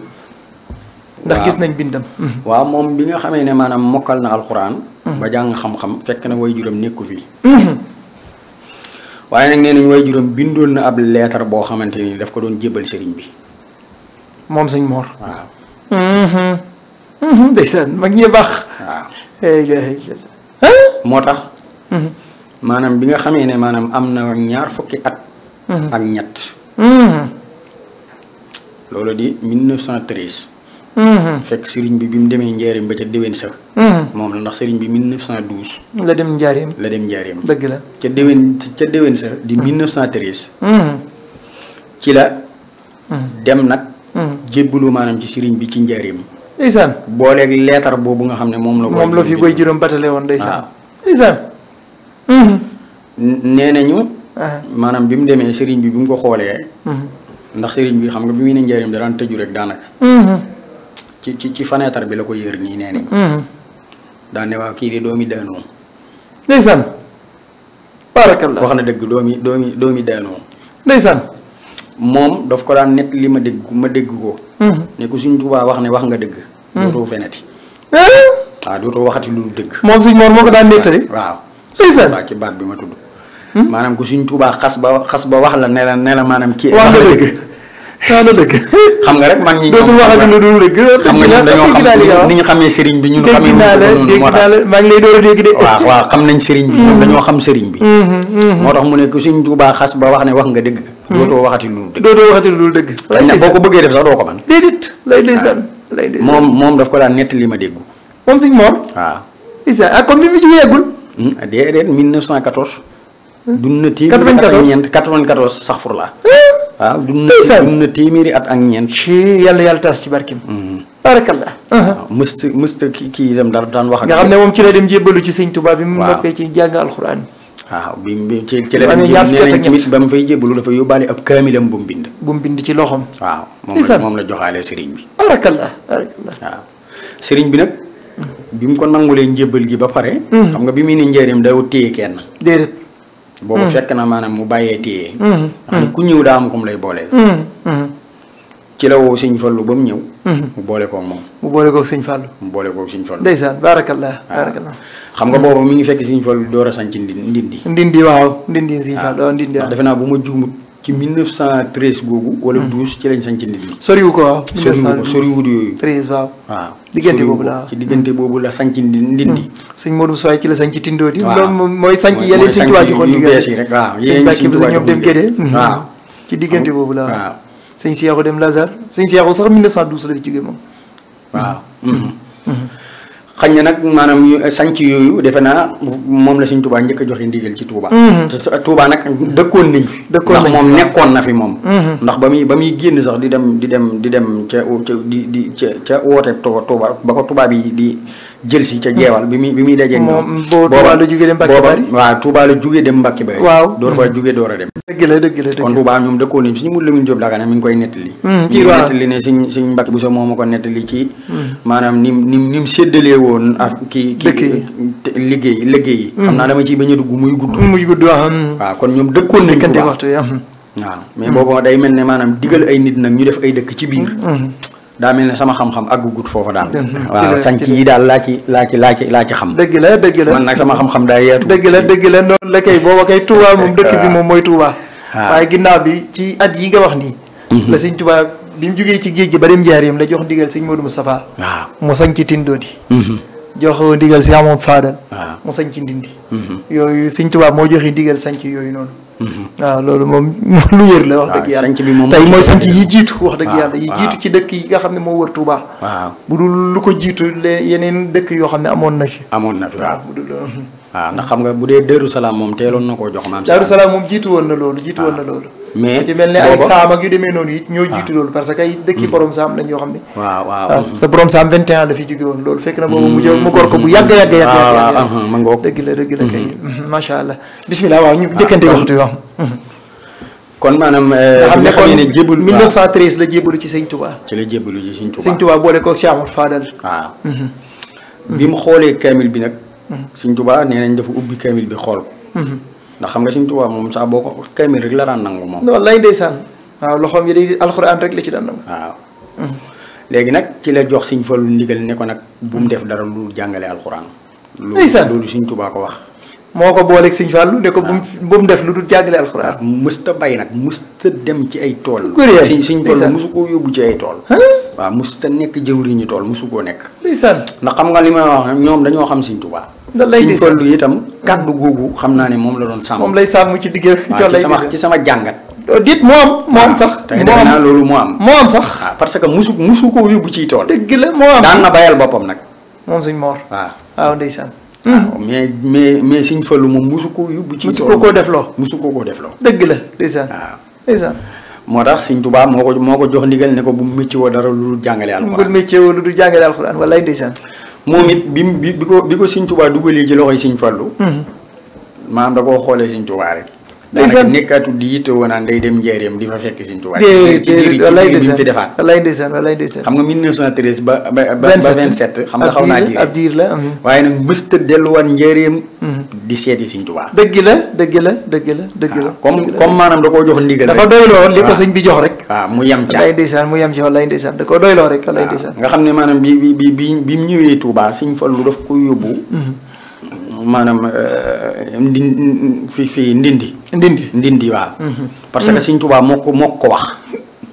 ndax gis nañ bindam. Mm-hmm. waaw moom bi nga xamee ne maanaam mokkal na alxuraan. Mm-hmm. ba jàng xam-xam fekk na way juróom nekku fii. waaye nag nee nañ waaye juróom bindoon na ab leetar boo xamante ni daf ko doon jébbal sëriñ bi. moom sëñ Mor. waaw. Mm-hmm. Mm-hmm. ndeysaan mag moo tax. Mm-hmm. maanaam bi nga xamee ne maanaam am na ñaar fukki at. ak ñett. loolu di 1913. Mhm. fekk sëriñ bi bi mu demee njaareem ba ca déwén sa mhm. moom la ndax sëriñ bi 1912. la dem njaareem la dem njaareem dëgg la ca déwén ca déwén sa di 1913. Mhm. ci la dem nag jébbalu maanaam ci sëriñ bi ci njaareem ndeysaan booleeg leetar boobu nga xam ne moom la moom la fi bay juróom batale woon ndeysaan ah. ndeysaan nee nañu ah. maanaam bi mu demee sëriñ bi bi mu ko xoolee ndax sëriñ bi xam nga bi muy ne njaareem da daan tëju rek daanaka ci ci ci fenêtre bi la ko yër nii nee nañ. Hmm. daan ne waaw kii di doomi daanoo. ndeysaan. barakallah wax na dëgg doomi doomi doomi daanoo. ndeysaan. moom daf ko daan nett li ma dégg ma dégg ko. Hmm. ne ku suñ Tuubaa wax ne wax nga dëgg. Hmm. dootoo feneti. Eh? waaw dootoo waxati lu dul dëgg. moom suñ moor moo ko daan nettali. waaw ndeysaan waaw ci baat bi ma tudd. maanaam ku suñ Tuubaa xas ba xas ba wax la ne la ne la maanaam. kii wax nga dëgg na dëgg xam nga rek mag ñi dootul waxati lu dul dëgg xam nga ñun dañoo xam ni ñu xamee sëriñ bi ñun xamee dégg naa la maa ngi lay a dégg de waaw bi mm-hmm. dañoo xam sëriñ bi mm-hmm. moo tax mu ne ku suñ Tuubaa xas ba wax ne wax nga dëgg mm-hmm. dootoo waxati lu dul dëgg dootoo waxati lu dul dëgg xëy na boo ko bëggee def sax doo ko man moom moom daf ko daan nett li ma déggu moom suñ moom waaw ndeysaan ak ah, comme bi mu ci yeggul hmm, déedéet 1914 hmm. dund na ci 94 94 sax fur la eh, waaw dund na dund na téeméeri at ak ñeent. ci yàlla yàlla taas ci barkeem. Mm-hmm. barakallah. waaw uh-huh. mësta kii kii dem dara daan wax. nga xam ne moom ci la dem jébbalu ci sëñ Tuubaa bi mu noppee ci jàng alxuraan. waaw bi bi ci ba mu fay jébbalu dafa yóbbaale ab kaamilam bu mu bind. bu mu bind ci loxoom. waaw moom la moom la joxaale sëriñ bi. barakallah barakallah. waaw sëriñ bi nag. bi mu ko nangulee njébbal gi ba pare. Mm-hmm. xam nga bi muy ni njëriñ day téye kenn. boobu hmm. fekk na maanaam mu bàyyee téye. Hmm. ndax ni ku ñëw daa am kum lay booleel. Hmm. ci la woo sëñ Fallu ba mu ñëw. mu boole koog moom. mu boole koog sëñ Fallu. mu boole koog sëñ Fallu. ndeysaan baarakallah baarakallah. xam nga boobu mi ngi fekk sëñ Fallu door a sanc ndindi. ndindi waaw ndindi sëñ Fallu waaw ndindi waaw. defe naa bu ma juumut. ci 1913 boobu. wala 12 hmm. ci lañ sanc nit ñi. soriwu ko waaw. Ah. 1913 soriwu ko yooyu. 13 diggante boobu la ci diggante boobu la sanc ndindi. Hmm. sëñ Modou Sow ci la sanc Tindoo di. moom mooy sanc yeneen sëñ Tuubaa joxoon ndigal rek waaw yeneen sëñ Tuubaa ñoom dem Gédé. Hmm. waaw ci diggante boobu la waaw. sëñ Seexu dem Lazare sëñ Seexu sax 1912 la di jóge moom. waaw. xañ na nag maanaam sànc yooyu defe naa moom la Sëñ Tuubaa njëkk a joxe ndigal ci Tuubaa mhm. te Tuubaa nag dëkkoon nañ fi ndax moom nekkoon na fi moom mhm. ndax ba muy ba muy génn sax di dem di dem di dem ca ca di di ca ca woote Tuubaa ba ko Tuubaa bi di jël si ca jeewal mhm. bi muy bi muy dajee moom booba la jugee dem Mbàkke Bari waaw Tuubaa la jugee dem Mbàkke Bari waaw door faa jugee door a dem dëgg la dëgg la dëgg kon Touba ñoom dëkkoon nañ suñu Modou Lamine Diop Dagana mi ngi koy nettali. Hmm, ci waaw nettali ne suñ suñ Mbacke Bousso moo ma ko nettali ci. Hmm. maanaam ni mu ni ni mu woon ak kii kii liggéey liggéey yi. xam naa hmm. dama ci bañ a dugg muy gudd. muy gudd waaw. kon ñoom dëkkoon nañ. Touba waxtu waaw mais boobu day mel ne maanaam digal ay nit nag ñu def ay dëkk ci biir. daa mel ne sama xam-xam àggugut foofa daal. Mhm. waaw sànci yi daal laa ci laa ci laa ci laa ci xam. dëgg la dëgg la man nag sama xam-xam daa yeetu. dëgg la dëgg la noonu la kay booba kay Touba moom dëkk bi moom mooy Touba. waaye ginnaaw bi ci at yi nga wax nii. Mhm. la sëñ Touba bi mu jugee ci géej gi ba dem Njaaréem la jox ndigal sëñ Modou Moustapha. waaw mu sànci Tindodi. Mhm. jox digal si amoon faadal mu sañc ndindi mhm. yooyu sëñ Tuubaa moo joxe digal sañc yooyu noonu mhm. waaw loolu moom <laughs> lu wér la wax dëgg yàlla tay mooy sañc yi jiitu wax dëgg yàlla yi jiitu ci dëkk yi nga xam ne moo wër Tuubaa bu dul lu ko jiitu leen yeneen dëkk yoo xam ne amoon na fi amoon na fi waaw bu dul waaw ndax xam nga bu dee Daaru Salaam moom teeloon na koo jox maam Daaru Salaam moom jiitu woon na loolu jiitu woon na loolu mais ci mel ne ay saam ak yu demee noonu it ñoo jiitu loolu parce que ay dëkki hmm. borom saam lañ yoo xam ne waaw waaw ah, sa borom saam 21 ans la fi jóge woon loolu fekk na boobu mu jël mu gor ko bu yàgg yàgg yàgg yàgg ah, ah, ma ngoog dëgg la dëgg la kay hmm. hmm, macha allah bismillah waaw ñu jëkkante waxtu yoo xam kon maanaam eh, xam ne kon ne jébalu 1913 la jébalu ci sëñ Touba ci la jébalu ci sëñ Touba sëñ Touba boole ko Cheikh Amadou Fadal waaw bi mu xoolee kaamil bi nag sëñ Touba nee nañ dafa ubbi kaamil bi xool ko ndax xam nga Sëriñ Tuubaa moom sax boo ko kaamil rek la daan nangu moom. wallaay ndeysaan waaw loxoom yi day alxuraan rek la ci daan waaw. Hmm. léegi nag ci la jox Sëriñ Fallu ndigal ne ko nag bu mu def dara lu jàngale alxuraan. ndeysaan loolu Sëriñ Tuubaa ko wax. moo ko booleeg Sëriñ Fallu ne ko bu mu bu def lu dul jàngale alxuraan. musta bay nag musta dem ci ay tool. kuréel Sëriñ Fallu musu ko yóbbu ci ay tool. waaw mosut a nekk jëwriñu tool mosu koo nekk. ndeysaan ndax xam nga li may wax ñoom dañoo xam Sëñ Tuubaa. da lay di toll itam kàddu googu xam naa ne moom la doon sàmm. moom lay sàmm ci digg ci sama ci sama jàngat. Oh, dit moo am moo am ah, sax. moo am loolu moo am. moo sax ah, parce que musu musu koo yóbbu ciy tool. dëgg la moo am daan na bayal boppam nag. moom Sëñ Mor. waaw ah. waaw ndeysaan. waaw mais mais mais Sëñ Fallu moom musu koo yóbbu. ci tool musu koo koo defloo musu koo koo defloo. dëgg la ndeysaan waaw ndeysaan moo tax Sëñ Tuubaa moo ko moo ko jox ndigal ne ko bu mu métier woo dara lu dul jàngale alxuraan. bu mu métier woo lu dul jàngale alxuraan walaay ndeysaan. moom it bi bi ko bi ko Sëñ Tuubaa dugalee ci loxoy Sëñ Fallu. maanaam hmm. da koo xoolee Sëñ Tuubaa rek. ndeysaan nekkatul di yitte woon naan day dem njaareem di fa fekk Sëriñ Tuubaa ci fi defaat wallaay ndeysaan wallaay ndeysaan xam nga 1913 ba ba ba 27 xam nga xaw naa ji ab diir la mhm. waaye nag mësta delluwaat njaareem mhm. di seeti Sëriñ Tuubaa dëgg la dëgg la dëgg la dëgg la ah, comme comme maanaam da koo jox ndigal dafa doyloo li ko ah. sëñ bi jox rek waaw ah, mu yem ca wallaay ndeysaan mu yem ca da koo doyloo rek wallaay ndeysaan nga xam ne maanaam bi bi bi bi bi mu ñëwee Tuubaa Sëriñ Fallu daf ko yóbbu mhm. maanaam euh, ndi fi fii ndindi. ndindi ndindi waaw. Mhm. parce que mhm. Sëñ Tuubaa moo ko moo ko wax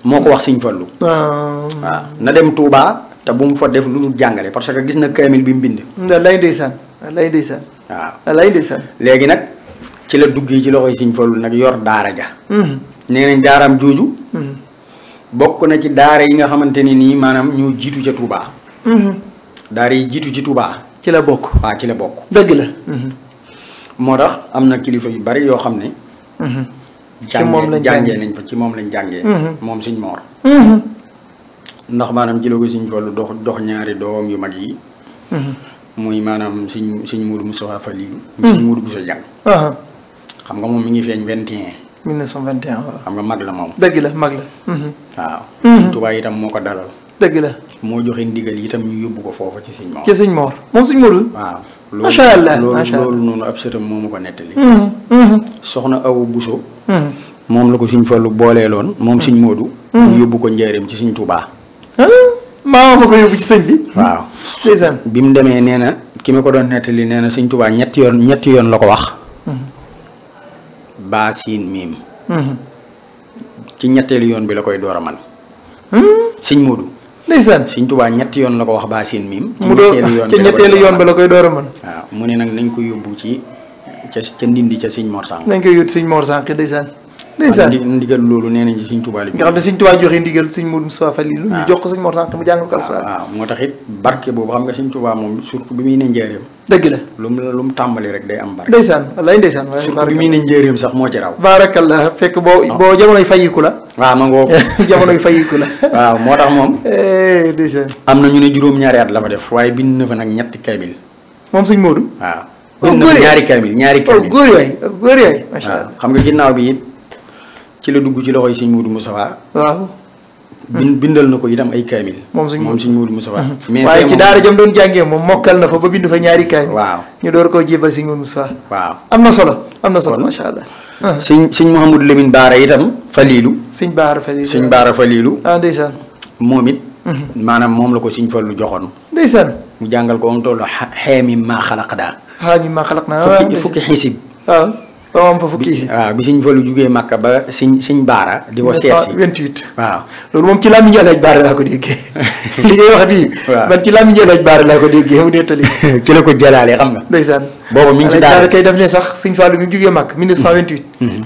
moo ko wax Sëñ Fallu. Ah. waaw na dem Tuubaa te bu mu fa def lu dul jàngale parce que gis na kaamil bi mu bind. lay ndeysaan lay ndeysaan. léegi nag ci la duggee ci loxoy Sëñ Fallu nag yor daara ja. Mhm. nee daaraam jooju. bokk na ci daara yi nga xamante ne nii maanaam ñu jiitu ca Touba. daara yi jiitu ci Touba. ci la bokk. waaw ah, ci la bokk. dëgg la. Mhm. moo tax am na kilifa yu bari yoo xam ne. Mhm. ci moom lañ jàngee nañ fa ci moom lañ jàngee. Mhm. moom sëñ Moor. ndax maanaam jëloo ko sëñ Fallu dox dox ñaari doom yu mag yi. muy maanaam sëñ sëñ Mourou Moustapha Falilou. sëñ Mourou Bousso Diagne. Uh-huh. xam nga moom mi ngi feeñ 21. 1921 waaw. xam nga mag la moom. dëgg la mag la. waaw. Tuubaa itam moo ko dalal. dëgg la. moo joxe ndigal tam ñu yóbbu ko foofa ci siñ Mor. ci sëñ moom sëñ Morul. loolu loolu noonu ab sëtam moo ma ko nettali. Mm-hmm, mm-hmm. soxna Awa Bousso. Mm-hmm. moom la ko sëñ Fallu booleeloon moom sëñ Modou. ñu yóbbu ko njaareem ci sëñ Touba. Ah, maa ma ko yóbbu ci sëñ bi. waaw bi mu demee nee na ki ma ko doon nettali nee na sëñ ñetti yoon ñetti yoon la ko wax. baa siin miim. ci ñetteelu yoon bi la koy door a man sëñ ndeysaan Sëñ Tuubaa ñetti yoon la ko wax baa seen miim ci ñetteelu yoon ci yoon ba la koy door a mën waaw mu ne nag nañ ko yóbbu ci ca ca ndindi ca sëñ Mor Sànq nañ koy yóbbu sëñ Mor Sànq ndeysaan ndeysaan ndigal loolu nee nañ ci sëñ Tuubaa li nga xam ne sëñ Tuubaa joxe ndigal sëñ Modou Moustapha Fall lu ñu ah. jox ko sëñ Mor Santa mu jàngal ko alxuraan waaw ah, ah, moo tax it barke boobu xam nga sëñ Tuubaa moom surtout bi muy ne njëriñam dëgg la lu mu lu mu tàmbali rek day am barke ndeysaan wallaay ndeysaan surtout bi muy ne njëriñam sax moo ci raw baarakallah fekk boo boo jamonoy fayiku la waaw ma ngoo <laughs> jamonoy fayiku la <laughs> waaw moo tax moom <laughs> eh, ndeysaan am na ñu ne juróom-ñaari at la fa def waaye bind na fa nag ñetti kaamil moom sëñ Modou waaw bind na fa oh, ñaari kaamil ñaari oh, kaamil góor yaay oh, góor yaay macha allah xam nga ginnaaw bi it ci la dugg ci loxoy sëñ Modou Moustapha waaw hmm. bindal na ko itam ay kaamil moom sëñ moom sëñ Modou Moustapha hmm. waaye ci daara jëm doon jàngee moom mokkal na fa ba bind fa ñaari kaamil waaw ñu door koo jébal sëñ Modou Moustapha waaw am na solo am na solo macha allah hmm. sëñ sëñ Mouhamadou Lamine Baara itam Falilu sëñ Baara Falilu sëñ Baara Falilu ah ndeysaan moom it maanaam moom la ko sëñ lu joxoon ndeysaan mu jàngal ko am toll xeemi maa xalaq daa fukki fukki xisib ah. doo am fa fukki isin waaw bi sëñ Fallu jugee Màkka ba sëñ sëñ Baara. di wa seet moom ci làmmiñu Alaaji Baara laa ko <laughs> ngay wax nii. waaw man ci làmmiñu Alaaji Baara laa ko déggee mu nettali. <laughs> ci la ko jëlaalee xam nga. ndeysaan boobu mi ngi ci daara kay def ne sax sëñ Fallu bi mu jugee Màkka 1928. Mm-hmm. Mm-hmm.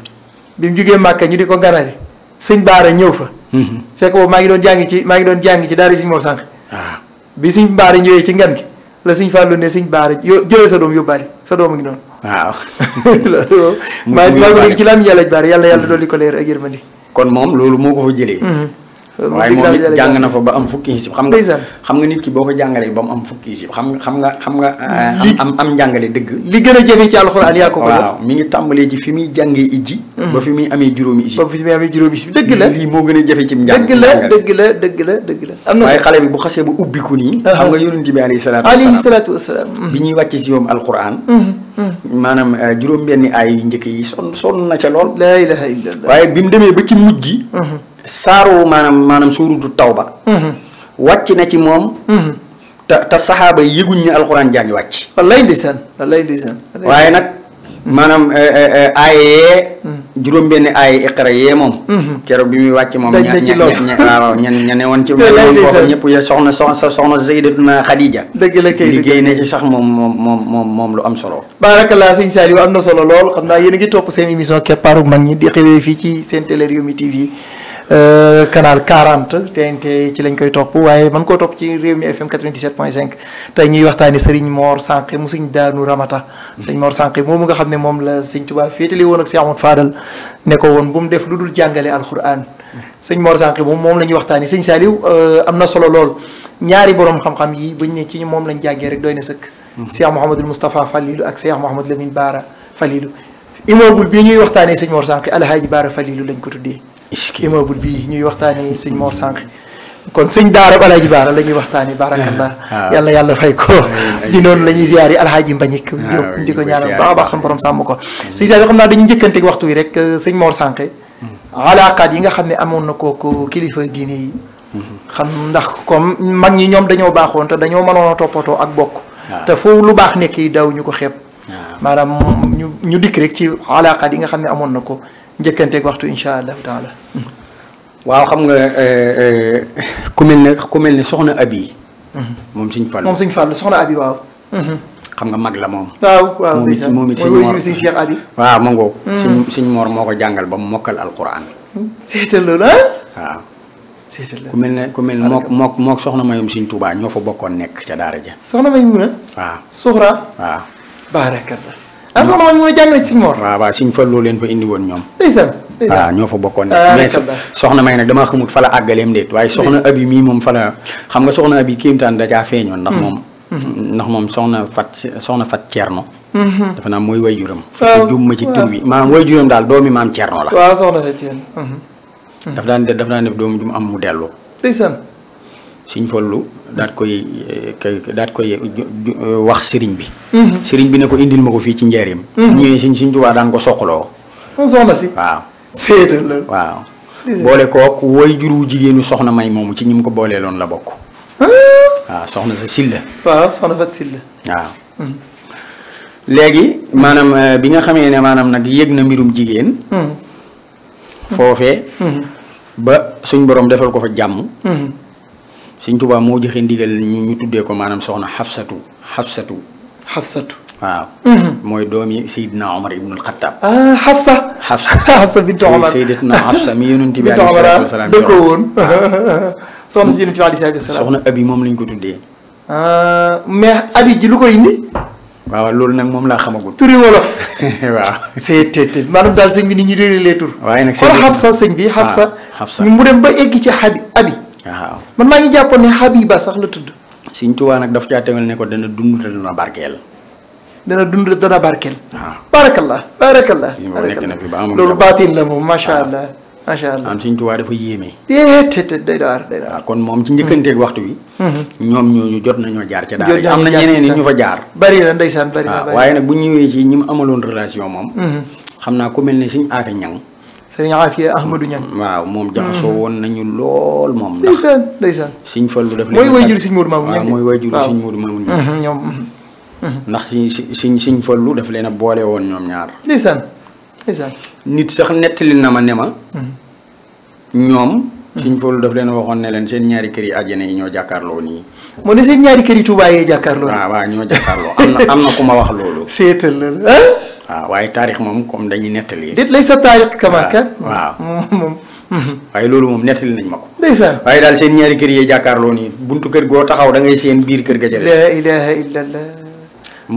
bi mu jugee Màkka ñu di ko ganale sëñ Baara ñëw fa. Mm-hmm. fekk boobu maa ngi doon jàng ci maa ngi doon jàng ci daal sëñ Mor Sànq. waaw ah. bi sëñ Baara ñëwee ci ngan gi la sëñ Fallu ne sëñ Baara yo jëlee sa doom yóbbaale sa doom a ngi noonu. waaw. <laughs> loolu. maa ngi dégg ci laam yàlla bari yàlla yàlla dolli ko leer ak yërmandi. kon moom loolu moo ko fa jëlee. Mm-hmm. waaye moom it jàng na fa ba am fukki hisib xam nga xam nga nit ki boo ko jàngalee ba mu am fukki hisib xam nga xam nga xam eh, am am njàngale dëgg li gën a jafe ci alxuraan yaa ko ko waaw mi ngi tàmbalee ci fi muy jàngee ijji mm-hmm. ba fi muy amee juróomi isib ba fi dëgg la lii moo gën a jafe ci njàng dëgg la dëgg la dëgg la dëgg la am na waaye xale bi bu xasee ba ubbiku nii xam nga yonent bi alayhi salaatu alayhi salaatu wasalaam mm-hmm. bi ñuy wàcce si yoom alxuraan mm-hmm. maanaam eh, juróom benni ay njëkk yi son sonn na ca lool la ilaha illallah waaye bi mu demee ba ci mujj gi saaru maanaam maanaam suuratu tawba. Mhm. wàcc na ci moom. Mhm. te te saxaaba yi yëguñ ñu alxuraan jaa ngi wàcc. wallay ndeysaan wallay ndeysaan waaye nag maanaam eh, eh, eh, aaye yee. Mhm. juróom-benn aaye iqra yee moom. keroog bi muy wàcc moom. dañ na ci lool ña waaw ña ña ne woon ci. loolu <laughs> ñëpp ya soxna soxna soxna Sayyidatuna Khadija. dëgg la kay liggéey na ci sax moom moom moom moom lu am solo. barakallah sëñ Saliou am na solo lool xam naa yéen a ngi topp seen émission keppaaru mag ñi di xewee fii ci seen télé Rewmi TV. Euh, canal 40 TNT ci lañ koy topp waaye man koo topp ci réew mi FM 97.5 tey ñuy waxtaanee Serigne Mor Sànqe mu Serigne Daaru Ramata. Serigne Mor Sànqe moomu nga xam ne moom la Serigne Touba féetali woon ak Cheikh Ahmadou Fadal ne ko woon bu mu def lu dul jàngale alxuraan. Serigne Mor Sànqe moom moom la ñuy waxtaanee Serigne Saliou euh, am na solo lool ñaari borom xam-xam yi buñ ne ci moom lañ jàggee rek doy na sëkk. Mhm. Cheikh Mouhamadul Moustapha Falilou ak Cheikh Mouhamadul Lamine Baara Falilou immeuble bii ñuy waxtaanee Serigne Mor Sànqe Alhaaji Baara Falilou lañ ko tuddee. immeuble bii ñuy waxtaani sëñ Mor Sànq kon sëñ daara alaaji baara la ñuy waxtaani barakallah <laughs> ah. yàlla yàlla fay ko di noonu la ñuy ziyaari alhaaji mbañik Jóob ah, di ko ñaanal baax baax sama borom sàmm ko sëñ saa bi xam naa dañu njëkkanteeg waxtu wi rek euh, sëñ Mor Sànq mm. alaaqaat yi nga xam ne amoon na ko kilifa diine yi mm-hmm. xam ndax comme mag ñi ñoom dañoo baaxoon te dañoo mënoon a toppatoo ak bokk ah. te foofu lu baax nekk yi daw ñu ko xeeb maanaam ñu ñu dikk rek ci alaaqaat yi nga xam ne amoon na ko njëkkanteeg waxtu incha allahu taala. waaw xam nga eh, eh, ku mel ne ku mel ne soxna Abi. Mhm. moom suñ fàll moom suñ fàll soxna Abi waaw. Mhm. xam nga mag la moom. waaw waaw moom it moom it waaw ma ngoog. Mhm. suñ suñ moor moo ko jàngal ba mu mokkal alquran. seetal loolu ah. waaw. ku mel ni ku mel ne mook mook mook soxna Mayum suñ Touba ñoo fa bokkoon nekk ca Daara ja. soxna Mayum na. waaw soxra. waaw ah soxna man mu ne jàng na ci Sëñ Mor. waaw waaw Sëñ Fallu leen fa indi woon ñoom. ndeysaan waaw ñoo fa bokkoon ah, mais soxna may nag damaa xamut fa la àggaleem déet waaye soxna abi mii moom fa la xam nga soxna abi kéemtaan da caa feeñoon ndax mm-hmm. moom mm-hmm. ndax moom soxna fat soxna fat Cerno mm-hmm. dafa naa mooy waajuram fekk jum ma ci tur bi maam waajuram daal doomi maam Cerno la waaw daan def doomu jum am mu dellu Sëñ Fallu daat koy eh, daat eh, eh, wax sëriñ bi mhm. sëriñ bi ne ko indil ma ko fii ci njaareem mhm. ñëwee sëñ sëñ Tuubaa daan ko soqloo moom soxna si waaw séetal boole kook woy juru jigéenu soxna may moomu ci ñi mu ko boolee loon la bokk ah. waaw soxna sa silla waaw soxna fat silla waaw mhm. léegi maanaam bi nga xamee ne maanaam nag yëg na mbirum jigéen foofee ba suñ borom defal ko fa jàmm sëñ Tuubaa moo joxe ndigal ñu ñu tuddee ko maanaam soxna Xafsatu Xafsatu. Xafsatu waaw. Mm-hmm. mooy doomi Seydina Omar Ibnul Xattaab. ah Xafsa. Xafsa <laughs> Xafsa bintu Omar Seydina Xafsa mi yonent bi alayhi ah, salaatu wa salaam. dëkk woon <laughs> <laughs> soxna si yonent bi alayhi salaatu wa salaam. soxna Abi moom lañ ko tuddee. Ah, mais Abi ji lu koy indi. waaw loolu nag moom laa xamagul. turi wolof. waaw. c'est tout maanaam daal sëñ bi nit ñi réeré lee tur. waaye nag sëñ bi xafsa bi ah, xafsa. xafsa mu dem ba egg ci abi. waaw man maa ngi jàppoon ne Habiba sax la tudd. Sëñ Tuubaa nag daf caa tegal ne ko dana dund te dana barkeel. dana dund dana barkeel. waaw baarakallah baarakallah. nekk ba loolu baatin la moom macha allah. macha allah am Sëñ Tuubaa dafa yéeme. déedéet day daar day daar kon moom ci njëkkanteeg waxtu wi. Mm-hmm. ñoom ñooñu jot nañoo jaar ca daara am na ñeneen yi ñu fa jaar. bari na ndeysaan bari na waaye nag bu ñëwee ci ñi mu amaloon relation moom. Mm-hmm. xam naa ku mel ne Sëñ Aafe Ñang sëriñ Afia Ahmadou Niang. waaw moom jaxasoo woon nañu lool moom. ndax ndeysaan ndeysaan. suñ fallu def mooy wayjur suñ mooy wayjur suñ Mourou Mamoun. Mm-hmm, ñoom. Mm-hmm. Mm-hmm. ndax suñ suñ suñ fallu daf leen a boole woon ñoom ñaar. ndeysaan nit sax nettali na ma ne ma. ñoom. suñ fallu daf leen waxoon ne leen seen ñaari kër yi àjjana yi ñoo jàkkaarloo nii. moo ne seen ñaari kër yi Touba yee jàkkaarloo. waaw waaw ñoo jàkkaarloo am na am na ku ma wax loolu. <laughs> seetal la ah? waaw ah, waaye taarix moom comme dañuy nettali. déet lay sa taarix kama ah, kan. waaw <laughs> waaye loolu moom nettali nañ ma ko. ndeysaan waaye daal seen ñaari kër yi jàkkaarloo nii buntu kër goo taxaw da ngay seen biir kër ga jëlee. la ilaha illallah.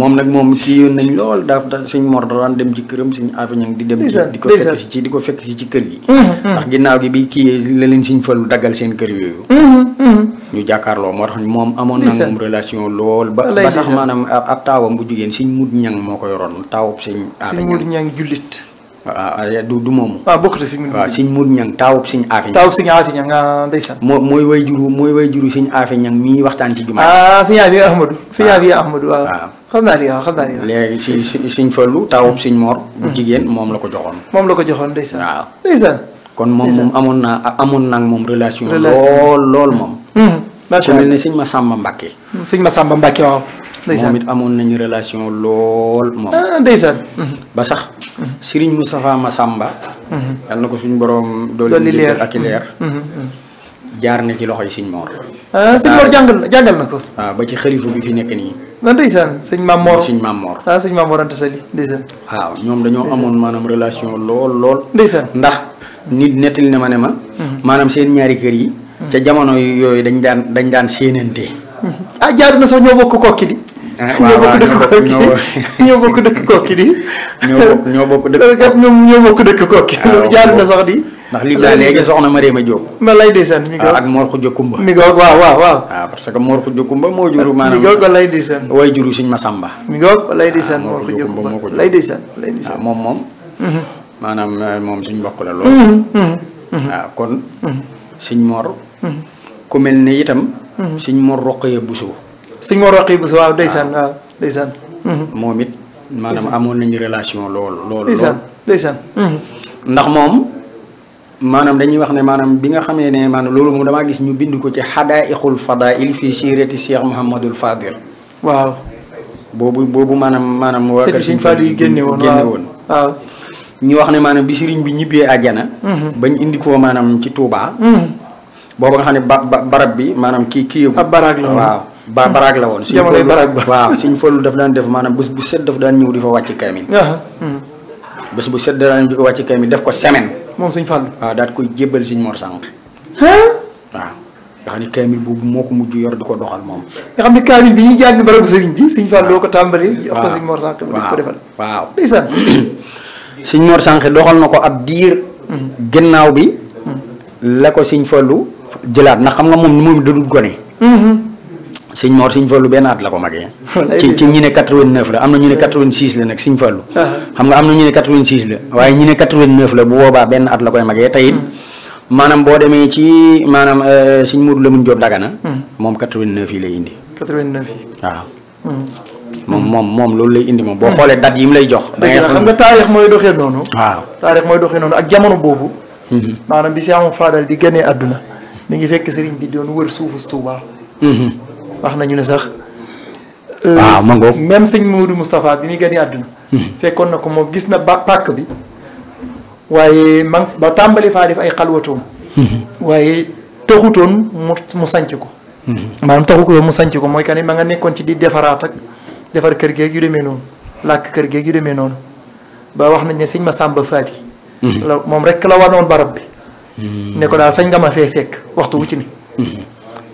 moom nag moom ci yoon nañ lool daaf da suñ mor daan dem ci këram suñ affaire di dem. di ko fekk si ci di ko fekk si ci kër gi. Mm-hmm, mm-hmm. ndax ginnaaw gi bi kii la leen suñ falu daggal seen kër yooyu. Mm-hmm, ñu jàkkaarloo moo tax moom amoon na moom relation lool ba ba sax maanaam ab taawam bu jigéen siñ mut ñang moo ko yoroon taawub siñ siñ mut ñang jullit waaw du du moomu waaw bokkute siñ mut waaw siñ mut ñang taawub siñ aafi taawub siñ aafi ñang ah, ndeysaan moo mooy way juru mooy way juru siñ aafi ñang mii waxtaan ci jumaa ah siñ aafi ahmadou siñ aafi ahmadou waaw xam naa li waaw xam naa li léegi si si siñ fallu taawub siñ mor bu mm. jigéen moom la ko joxoon moom la ko joxoon ndeysaan waaw ndeysaan kon moom moom amoon naa amoon naa moom relation lool lool moom macha hmm, allah ku mel ne sëñ Massamba Mbacke. Hmm, sëñ Massamba Mbacke waaw. ndeysaan moom it amoon nañu relation lool moom. Ah, ndeysaan. Hmm. ba sax Serigne Moustapha Massamba. yal na ko suñu borom. doole leer ak leer. jaar na ci loxoy sëñ Mor. ah sëñ Mor jàngal jàngal na ko. waaw ah, ba ci xalifu bi fi nekk nii. ah ndeysaan sëñ Maam Mor sëñ Maam Mor. ah ndeysaan. waaw ñoom dañoo amoon maanaam relation lool lool. ndeysaan ndax nit nettali na ma ne ma. maanaam seen ñaari kër yi. ca jamono yooyu dañ daan dañ daan séenante. <laughs> ah jaadu na sax ñoo bokk kokki ah, <laughs> di. ñoo bokk dëkk kokki di ñoo bokk dëkk kokki di. <laughs> ñoo bokk dëkk kokki di ñoo bokk dëkk kokki ah, loolu jaadu na sax di. ndax li daal léegi soxna Mariama Diop. ma lay desaan mi ah, ak Mor Khoudia Kumba. mi goog waaw waaw waaw. waaw parce que Mor Khoudia Kumba moo juru maanaam mi goog lay desaan. way juru suñ Masamba. mi goog lay desaan Mor Khoudia Kumba moo ko lay desaan lay desaan moom moom. Mm-hmm. maanaam eh, moom suñ mbokk la loolu. waaw mm-hmm, mm-hmm, kon suñ Mor. ku mel ni itam. suñ Mor Roqaya Bousso. suñ Mor Roqaya Bousso waaw ndeysaan ah. waaw ndeysaan. Mhm. moom it maanaam amoon nañu relation lool lool. ndeysaan ndeysaan. Mhm. ndax moom maanaam dañuy wax ne maanaam bi nga xamee ne maanaam loolu moom damaa gis ñu bind ko ci xadaaiqul fadail fii siirati Cheikh Mouhamadul Fadil. waaw. boobu boobu maanaam maanaam. waa kër Sëriñ Fallou yi génne woon ñu wax ne maanaam bi sëriñ bi ñibbee àjjana. Mhm. bañ indi ko maanaam ci Touba. booba nga xam ne ba barab bi maanaam kii ki yëngu. ab la woon waaw ba baraag la woon. jamonoy baraag ba waaw suñu fóolu daf daan def maanaam bés bu set daf daan ñëw di fa wàcc kaamil. Hmm. bés bu set da daan def ko semaine. moom suñu fàll. waaw daal koy jébbal suñu Mor Sàmb. waaw. nga ne kaamil boobu moo ko mujj yor di ko doxal moom. nga xam ne bi ñuy jàng barabu sëriñ bi suñ Fall loo ko tàmbalee. waaw suñ Mor Sànq di ko defal. waaw <coughs> na ko ab diir. Hmm. ginnaaw bi. Hmm. la ko suñ Fallu jëlaat ndax xam nga moom moom da dul gone. Mm-hmm. sëñ Mor sëñ Fallou benn at la ko magee. <laughs> ci ci ñu ne 89 la am na ñu ne 86 la nag sëñ Fallou. Ah. xam nga am na ñu ne 86 la waaye ñu ne 89 la bu boobaa benn at la koy magee tey mm. maanaam boo demee ci maanaam euh, sëñ Modou Lamine Diop Dagana. Mm. moom 89 yi lay indi. 89 yi waaw. Mm. moom moom moom loolu lay indi moom boo xoolee date yi mu lay jox. da ngay xam nga taarix mooy doxee noonu. waaw taarix mooy doxee noonu ak jamono boobu. Mm-hmm. maanaam bi mi ngi fekk sëriñ bi doon wër suufu Touba. Mhm. wax nañu ne sax. waaw euh, ah, ma ngoog même sëñ Mamadou Moustapha bi muy gën a àdduna. Mhm. fekkoon na ko moom gis na ba pàkk bi waaye man ba tàmbali faa def ay xalwatoom. Mhm. waaye taxutoon mu mu sanc ko. maanaam taxutoon mu sanc ko mooy que ne ma nga nekkoon ci di defaraat ak defar kër geeg yu demee noonu làkk kër geeg yu demee noonu ba wax nañ ne sëñ Massamba Fati. la moom rek la wanoon barab bi. ne ko daal sañ nga ma fee fekk waxtu wu ci ne.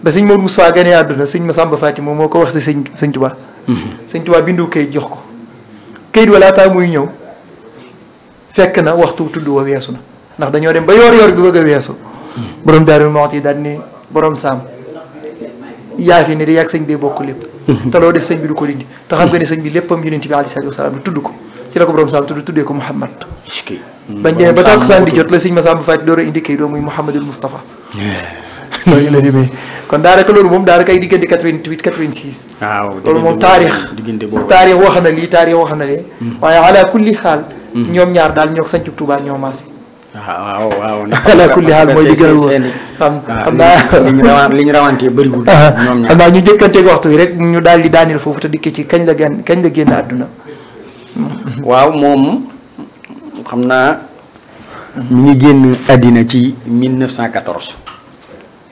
ba sëñ Modou Moussa gane àdduna sëñ Massamba moom moo ko wax si sañ sëñ Tuubaa. sëñ Tuubaa bindu kayit jox ko kayit wa laataa muy ñëw fekk na waxtu tudd wa weesu na ndax dañoo dem ba yor-yor bi bëgg a weesu. borom Daaru Muxti daal ni borom saam yaa fi ne de yàgg sëñ bee bokk lépp. te loo def sëñ bi du ko dindi. te xam nga ne sëñ bi léppam yonent bi alayhi salaatu wa salaam tudd ko ci la ko borom saam tudd tuddee ko Muhammad. Hmm. bañ demee ba takkusaan di jot la sëñ Massamba Faty door a indi kay doo muy Mouhamadul Moustapha <laughs> noonu la demee kon daanaka loolu moom daanaka ay diggante 88 86 loolu moom taarix taarix wax na lii taarix wax na lee hmm. waaye ala kulli hmm. daal ñoo sanc Tuubaa ñoo maase waaw waaw <laughs> ala kulli xaal mooy li gën a wóor xam xam naa li ñu rawante bëriwul ah, ñoom ñaar xam naa ñu jëkkanteeg waxtu wi rek ñu daal di daaneel foofu te dikkee ci kañ la gan kañ la génn àdduna waaw moom xam naa mi ngi génn àddina ci 1914.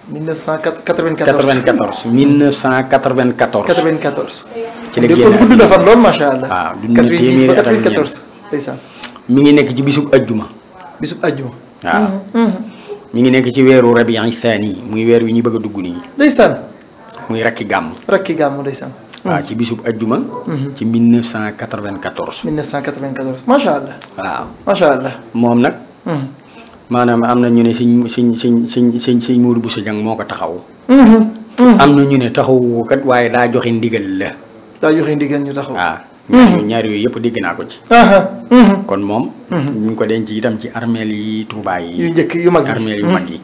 1994 1994. 94. ci la génn gudd na fan lool macha allah. waaw ah, du ñu téeméeri at ak ñeent ndeysaan mi ngi nekk ci bisub ajjuma. bisub ajjuma. waaw. Ah. Mhm, mhm. mi ngi nekk ci weeru rabi'i saani muy weer wi ñu bëgg a dugg nii. ndeysaan. muy rakki gàmm. rakki day ndeysaan. waaw ci bisub ajjuma. Mhm. ci 1994. 1994 macha allah. waaw macha allah. moom nag. Mhm. maanaam am na ñu ne sëñ sëñ sëñ sëñ sëñ sëñ Modou Bousso Dieng moo ko taxaw. Mhm. am na ñu ne taxawu kat waaye daa joxe ndigal la. daa joxe ndigal ñu taxaw waaw. ñaar yooyu yëpp dégg naa ko ci. kon moom. ñu ngi ko denc itam ci armeel yi Touba yi. yu njëkk yu yu mag yi.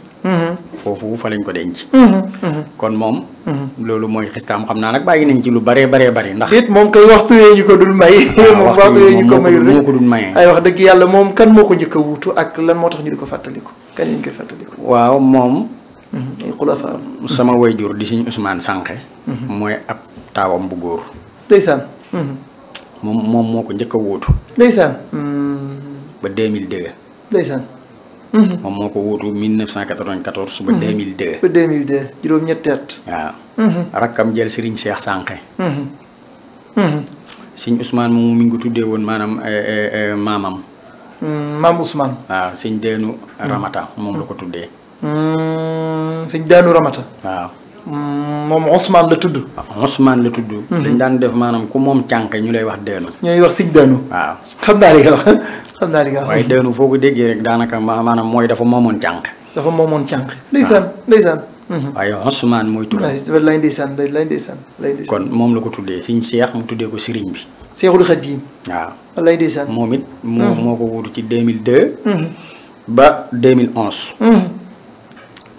foofu fa lañ ko denc. Mhm, mhm. kon moom. Mhm. loolu mooy xistaam xam naa nag bàyyi nañ ci lu baree baree bari ndax. it moom kay waxtu yee ñu ko dul may. Ah, moom waxtu yee ñu ko mayul rek moo ko dul maye. ay wax dëgg yàlla moom kan moo ko njëkk a wuutu ak lan moo tax ñu di ko fàttaliku kan lañ koy fàttaliku. waaw moom. xulafa sama wayjur di Sëriñ Ousmane Sànqe. mooy ab taawam bu góor. ndeysaan. moom moom moo ko njëkk a wuutu. ndeysaan. ba 2002. ndeysaan. moom moo ko wuutu 1994. ba 2002. Mhm. ba 2002 juróom-ñetti at. waaw. Mhm. rakkam jël Serigne Cheikh Sànqe. Mhm. Serigne Ousmane moomu mi ngi ko tuddee woon maanaam eh, eh, eh, maamam. Mm, maam Ousmane. waaw Serigne Deenu Ramata moom la ko tuddee. Mm, Serigne Deenu Ramata. waaw. moom Ousmane la tudd. waaw ah, Ousmane la tudd. dañ mhm. daan def maanaam ku moom cànq ñu lay wax deenu. ñu lay wax sij deenu. waaw xam naa li nga wax xam naa li nga wax. waaye deenu foo ko déggee rek daanaka maanaam mooy dafa moomoon cànq. dafa moomoon cànq. ndeysaan ndeysaan. Mhm. waaye Ousmane mooy tudd. waaw lay ndeysaan lay ndeysaan lay kon moom la ko tuddee Sëñ seex mu tuddee ko Sëriñ bi. Cheikhul Khadim. waaw lay ndeysaan. moom it. moo mhm. moo ko wutu ci 2002. ba 2011.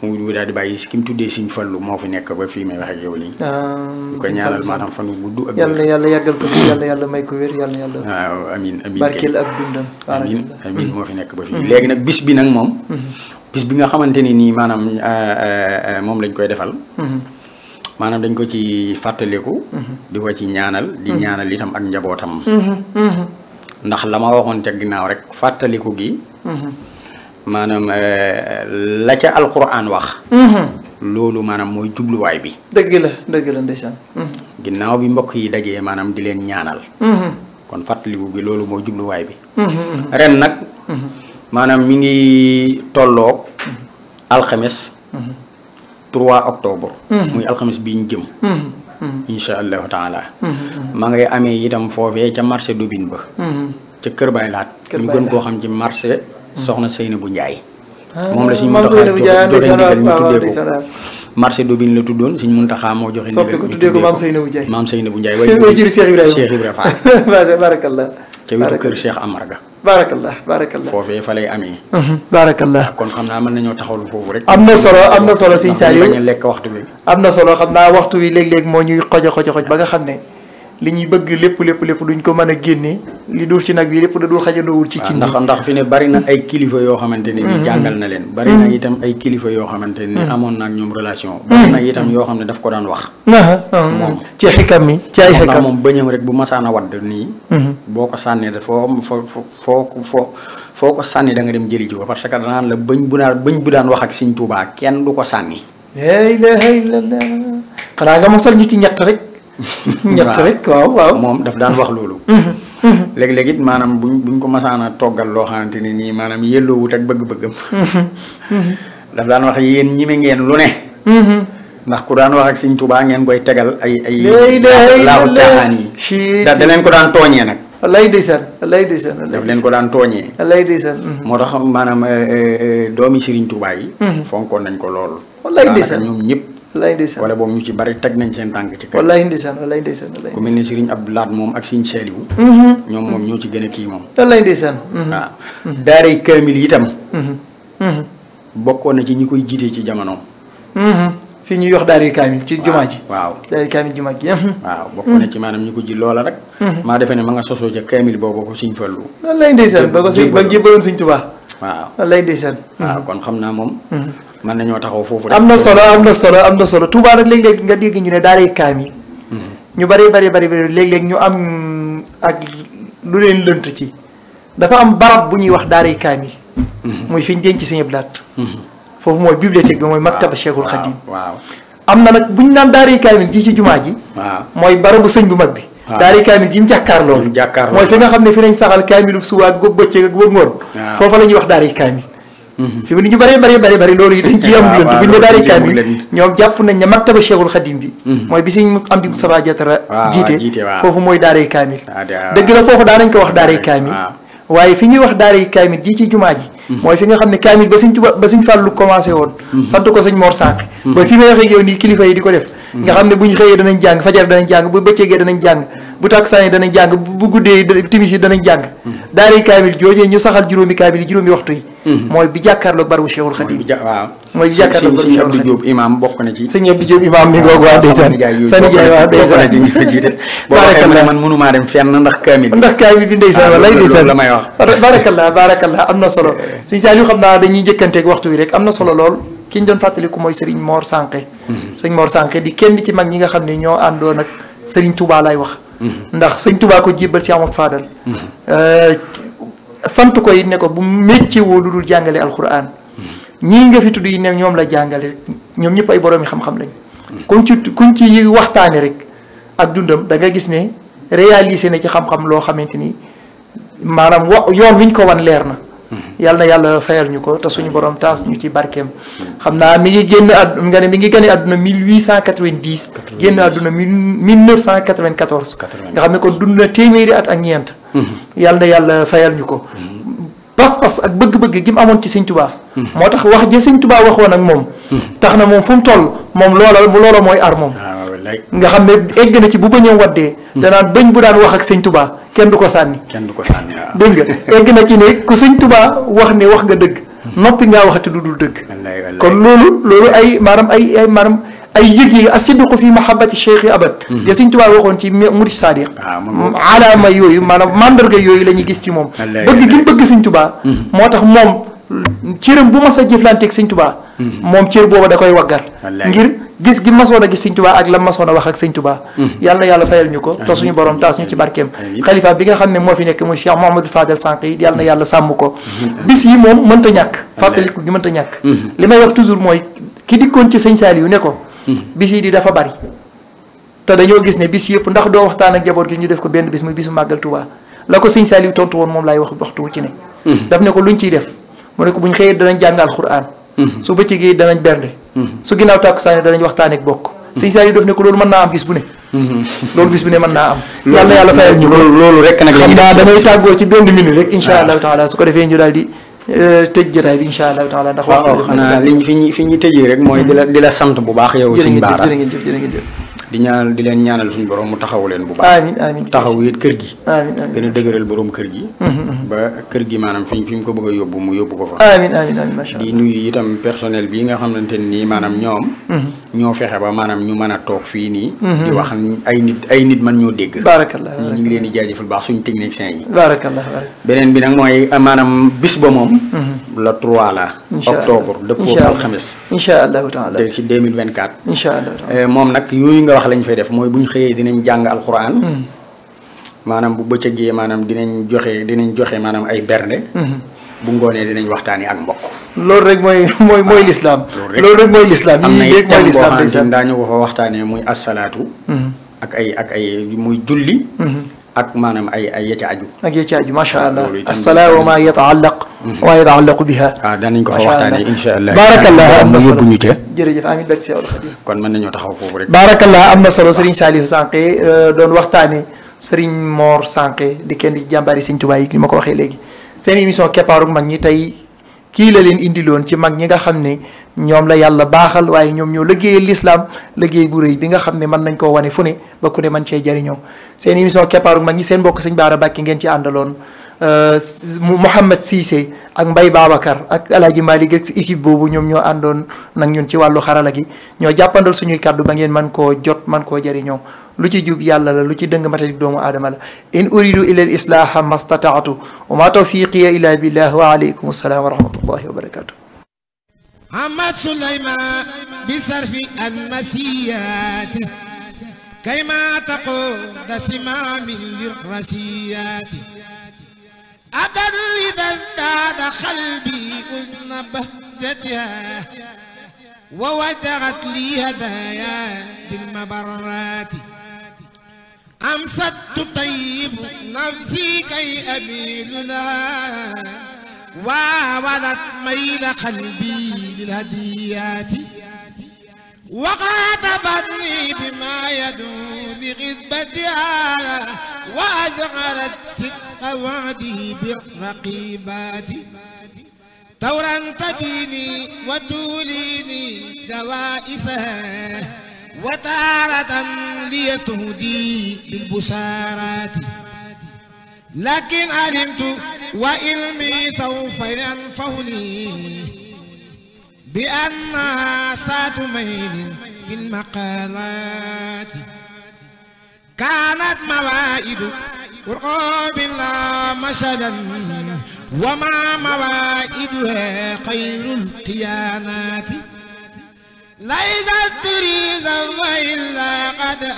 mu mu daal di bàyyi si ki mu tuddee Sëñ Fallu moo fi nekk ba fii may wax ak nii. ñu ah, ko ñaanal maanaam fan wu gudd. ak yàlla yàlla yàggal yàlla may ko wér yàlla yàlla. waaw amiin moo fi nekk ba fii. Mm-hmm. léegi nag bis bi nag moom. Mm-hmm. bis bi nga xamante ni nii maanaam euh, euh, euh, moom lañ koy defal. Mm-hmm. maanaam dañ ko ci fàttaliku. di ko ci ñaanal. di ñaanal itam ak njabootam. ndax la ma waxoon ca ginnaaw rek fàttaliku gi. maanaam euh, la ca alxuraan wax. Mhm. loolu maanaam mooy jubluwaay bi. dëgg la dëgg la mhm. ginnaaw bi mbokk yi dajee maanaam di leen ñaanal. Mhm. kon fàttaliku gi loolu mooy jubluwaay bi. ren nag. maanaam mi ngi tolloog alxames. 3 octobre. muy alxames bi jëm. incha allahu taala. ma ngay amee itam foofee ca marché Dobine ba. ca Kër Baylaat. ñu gën koo xam ci marché. soxna Seynabou Ndiaye. Ah, moom la suñu Muntaxa joxe ndigal ñu tuddee ko marché Dobine la tuddoon suñu Muntaxa moo joxe ndigal ñu tuddee ko maam Seynabou Ndiaye maam Seynabou Ndiaye waaye mooy jur Cheikh Ibrahima Cheikh Ibrahima Fall <laughs> barakallah ca wetu kër Cheikh Amar ga barakallah barakallah foofee fa lay amee mhm, barakallah kon xam naa mën nañoo taxawlu foofu rek am na solo am na solo sëñ Saliou bañ a lekk waxtu bi am na solo xam naa waxtu wi léeg-léeg moo ñuy xoj a xoj a xoj ba nga xam ne li ñuy bëgg lépp lépp lépp duñ ko man a génne li dul ci nag bi lépp da dul xajandoowul ci ci ndax ndax fi ne bari na ay kilifa yoo xamante ne ni mm-hmm. jàngal na leen bari na mm-hmm. mm-hmm. amoon na ak ñoom relation bari itam yoo xam ne daf ko daan wax moom ci xikam mi ci ay xikam moom bëñam rek bu masaan a wadd nii boo ko sànnee da foo foo foo foo foo ko sànni danga nga dem jëli ji ko parce que danaan la bëñ bu naan bëñ bu daan wax ak Sëñ Tuubaa kenn du ko sànni la ilaha illallah xanaa nga mosal ñu ci ñett <laughs> ñett rek waaw waaw moom daf daan wax loolu. <laughs> Mhm. <laughs> léeg-léeg it maanaam buñ buñ ko masaan a toggal loo xamante ni nii maanaam yelloo wut ak bëgg-bëggam. Mhm. daf daan wax yéen ñime ngeen lu ne. Mhm. ndax ku daan wax ak Sëñ Tuubaa ngeen koy tegal ay ay. laaw caaxaan yi da da ko daan tooñee nag. lay ndeysaan lay ndeysaan daf leen ko daan tooñee lay ndeysaan mhm. moo tax maanaam eh, eh, eh, doomi Serigne Touba yi mhm. fonkoon nañ ko lool lay ndeysaan ñoom ñëpp lay ndeysaan wala boobu ci bari teg nañ seen tànk ci kër lay ndeysaan lay ndeysaan ku mel ne Serigne Abdou Lahad moom ak Serigne Saliou mhm. ñoom moom ñoo ci gën a kii moom lay ndeysaan waaw daaray kaamil itam bokkoon na ci ñi koy jiite ci jamonoom fii ñuy wax daari kaamil ci jumaa ji waaw daari kaamil jumaa ji waaw bokk na ci maanaam ñu ko ji loola rek maa defee ne ma nga sosoo ca kaamil boobu ko suñ fallu lan lay ndeysaan ba ko si ba jébaloon suñ tubaa waaw lan lay ndeysaan waaw kon xam naa moom mën nañoo taxaw foofu rek am na solo am na solo am léeg-léeg nga dégg ñu ne daari kaamil ñu bari bari bari bari léeg-léeg ñu am ak lu leen lënt ci dafa am barab bu ñuy wax daari kaamil muy fi ñu denc ci sëñ Abdou foofu mooy bibliothèque bi mooy maktaba Cheikhul Khadim am na nag bu naan daaray kaamil ji ci jumaa ji waaw mooy barabu sëñ bu mag bi daaray kaamil ji mu jàkkaarloo mooy fi nga xam ne fi lañ saxal kaamilub suba ak góob bëccëg wax daaray kaamil mhm. fi mu ñu bëree bëree bëree bëri loolu yi dañ ci <laughs> am lënt bu ñu ne daaray kaamil ñoom jàpp nañ ne maktaba Cheikhul Khadim bi mhm. mooy bi sëñ Amdi Moustapha Diatara jiite foofu mooy daaray kaamil dëgg la foofu daa nañ ko wax daaray kaamil waaye fi ñuy wax daari kaamil ji ci jumaa ji mm-hmm. mooy fi nga xam ne kaamil ba sëñ Tuubaa ba sëñ Fàllu commencé woon mm-hmm. sant ko sëñ Mor Sànq mm-hmm. ba fi may waxee yow nii kilifa yi di ko def nga xam ne bu ñu xëyee danañ jàng fajar danañ jàng bu bëccëgee danañ jàng bu tàkkusaan yi danañ jàng bu guddee timis danañ jàng mm-hmm. daari kaamil joojee ñu saxal juróomi kaamil yi juróomi waxtu yi mm-hmm. mooy bi jàkkaarloog barabu Cheikhul Khadim waaw mooy bi jàkkaarloog barabu Cheikhul Khadim sëñ Abdou Diop imam bokk ah, wax barakallah barakallah am na solo <laughs> sëñ Saliou xam naa dañuy njëkkanteeg waxtu wi rek am na solo lool ki ñu doon fàttaliku mooy sëriñ Mor Sànqe mhm. sëriñ Mor Sànqe di kenn ci mag ñi nga xam ne ñoo àndoon ak sëriñ tubaa lay wax mhm. ndax sëriñ Touba ko jébbal si Amadou Fadal mhm. euh, sant koy it ko bu métier woo lu dul jàngale alxuraan ñii nga fi tudd yi ne ñoom la jàngale ñoom ñëpp ay boroomi xam-xam lañ kuñ ci kuñ ci waxtaane rek ak dundam da nga gis ne réalisé na ci xam-xam loo xamante ni maanaam wa yoon wiñ ko wan leer na yàlla na yàlla fayal ñu ko te suñu borom taas ñu ci barkeem. xam naa mi ngi génn àdduna nga ne mi ngi génne àdduna 1890. génn àdduna 1994. nga xam ne kon dund na téeméeri at ak ñeent. Mm-hmm. yàlla fayal ñu ko. pas-pas ak bëgg-bëgg gi mu amoon ci sëñ Tuubaa mm-hmm. moo tax wax ja sëñ Tuubaa waxoon ak moom. Mm-hmm. tax na moom fu mu toll moom loola loola mooy ar moom. Ah, nga xam ne egg na ci bu bañam waddee. Hmm. danaan bëñ bu daan wax ak sëñ tubaa kenn du ko sànni. kenn du ko sànni egg na ci ne ku sëñ tubaa wax ne wax nga dëgg. Hmm. noppi nga ngaa waxati du dul dëgg. kon loolu loolu ay maanaam ay ay maanaam. ay yëg yëg asidqu fi mahabbati cheikh abad hmm. ya sëñ Tuubaa waxoon ci murid sadiq ah, alaama yooyu maanaam mandarga yooyu la ñuy gis ci moom bëgg gi mu bëgg sëñ Tuubaa moo tax moom cëram bu mas a jëflanteeg sëñ tubaa mhm. moom cër booba da koy waggar ngir gis gi masoon a gis sëñ tubaa ak la masoon a wax ak sëñ tubaa mhm. yàlla na yàlla fayal ñu ko te suñu borom taas ñu ci barkeem xalifa bi nga xam ne moo fi nekk muy Cheikh Mouhamadou Fadel sànq yi yàlla na mhm. yàlla sàmm ko bis yi moom mënta ñàkk fàttaliku gi mënta ñàkk li may wax toujours mooy ki dikkoon ci sëñ Saliou ne ko bis yi di dafa bari te dañoo gis ne bis yëpp ndax doo waxtaan ak jaboot gi ñu def ko benn bis muy bisu màggal tubaa la ko sëñ tontu woon laay wax waxtu ci ne daf ne ko luñ ciy def mu ne ko bu ñu xëyee danañ jàng alxuraan mhm. su bëccëg yi danañ bernde mhm. su ginnaaw tàkkusaan danañ waxtaan ak bokk mhm. sëñ Saliou def ne ko loolu mën naa am bis bu ne loolu bu ne mën naa am yàlla yàlla fayal ñu loolu rek nag xam naa damay tàggoo ci benn minute rek insha ah. allahu su ko defee ñu daal di euh, tëj jotaay bi incha allahu taala ndax waaw xanaa liñ fi ñu fi ñuy tëjee rek mooy di la di la sant bu baax yow sëñ Baara jërë di ñaanal di leen ñaanal suñu borom mu taxawu leen bu baax. amiin amiin taxawu it kër gi. amiin gën a dëgëral borom kër gi. Mm-hmm, mm-hmm. ba kër gi maanaam fi fi mu ko bëgg a yóbbu mu yóbbu ko fa. amiin amiin amiin macha allah di nuyu itam personnel bi nga xamante ni maanaam ñoom. Mm-hmm. ñoo fexe ba maanaam ñu mën a toog fii nii. di wax ay nit ay nit man ñoo dégg. ñu ngi leen di jaajëfal baax suñu techniciens yi. beneen bi nag mooy ah, maanaam bis ba moom. la 3 la. incha allah octobre dëppoo alxames. incha allah taala ci 2024. incha allah eh, moom nag yooyu nga baax lañ fay def mooy bu ñu xëyee dinañ jàng alxuraan. Hmm. maanaam bu bëccëgee maanaam dinañ joxe dinañ joxe maanaam ay bernde. Hmm. bu ngoonee dinañ waxtaanee ak mbokk. loolu rek mooy mooy mooy lislaam. loolu rek mooy lislaam yii rek mooy lislaam am na itam daañu ko fa waxtaanee muy assalaatu. Hmm. ak ay ak ay muy julli. ak maanaam ay ay yëcc aju. ak yëcc aju macha ah, allah assalaa wa maa yataallaq. wa maa yataallaqu biha. waaw ah, danañ ko fa waxtaanee incha allah. am na solo jërëjëf amit barke Seexul Xadiim kon mën nañoo taxaw foofu rek. baarakallah am na solo Serigne Salif Sànqe euh, doon waxtaane Serigne Mor Sànqe di kenn di jàmbaari Serigne Touba yi ma ko waxee léegi seen émission keppaaru mag ñi tey kii la leen indiloon ci mag ñi nga xam ne ñoom la yàlla baaxal waaye ñoom ñoo liggéeyal lislaam liggéey bu rëy bi nga xam ne mën nañ koo wane fu ne ba ku ne mën cee jëriñoo seen émission keppaaru mag ñi seen mbokk sëñ Baara Bàkki ngeen ci àndaloon Euh, Mouhamed Cissé ak Mbaye Babacar ak El Hadj Malick ak équipe boobu ñoom ñoo àndoon nag ñun ci wàllu xarala gi ñoo jàppandal suñuy kàddu ba ngeen man koo jot man koo jëriñoo lu ci jub yàlla la lu ci dëng matalik doomu aadama la in uridu ila al islaha mastataatu wa ma tawfiqiya illa billah wa aleykum assalaam wa rahmatullahi wa barakatuh Ahmad Sulayman bi sarfi almasiyati kayma taqoda أبا إذا ازداد قلبي أذن بهجتها ووجهت لي هدايا بالمبرات أمست تطيب نفسي كي أميل لها وولت ميل قلبي للهديات وخاطبتني بما يدعو لغذبتها وأزغرت صدق وعدي بالرقيبات تورا تديني وتوليني دوائسها وتارة ليتهدي بالبشارات لكن علمت وإلمي سوف ينفعني بأنها ساعة ميل في المقالات كانت موائد قرقاب لا مثلا وما موائدها خير القيانات ليست تريد وإلا قد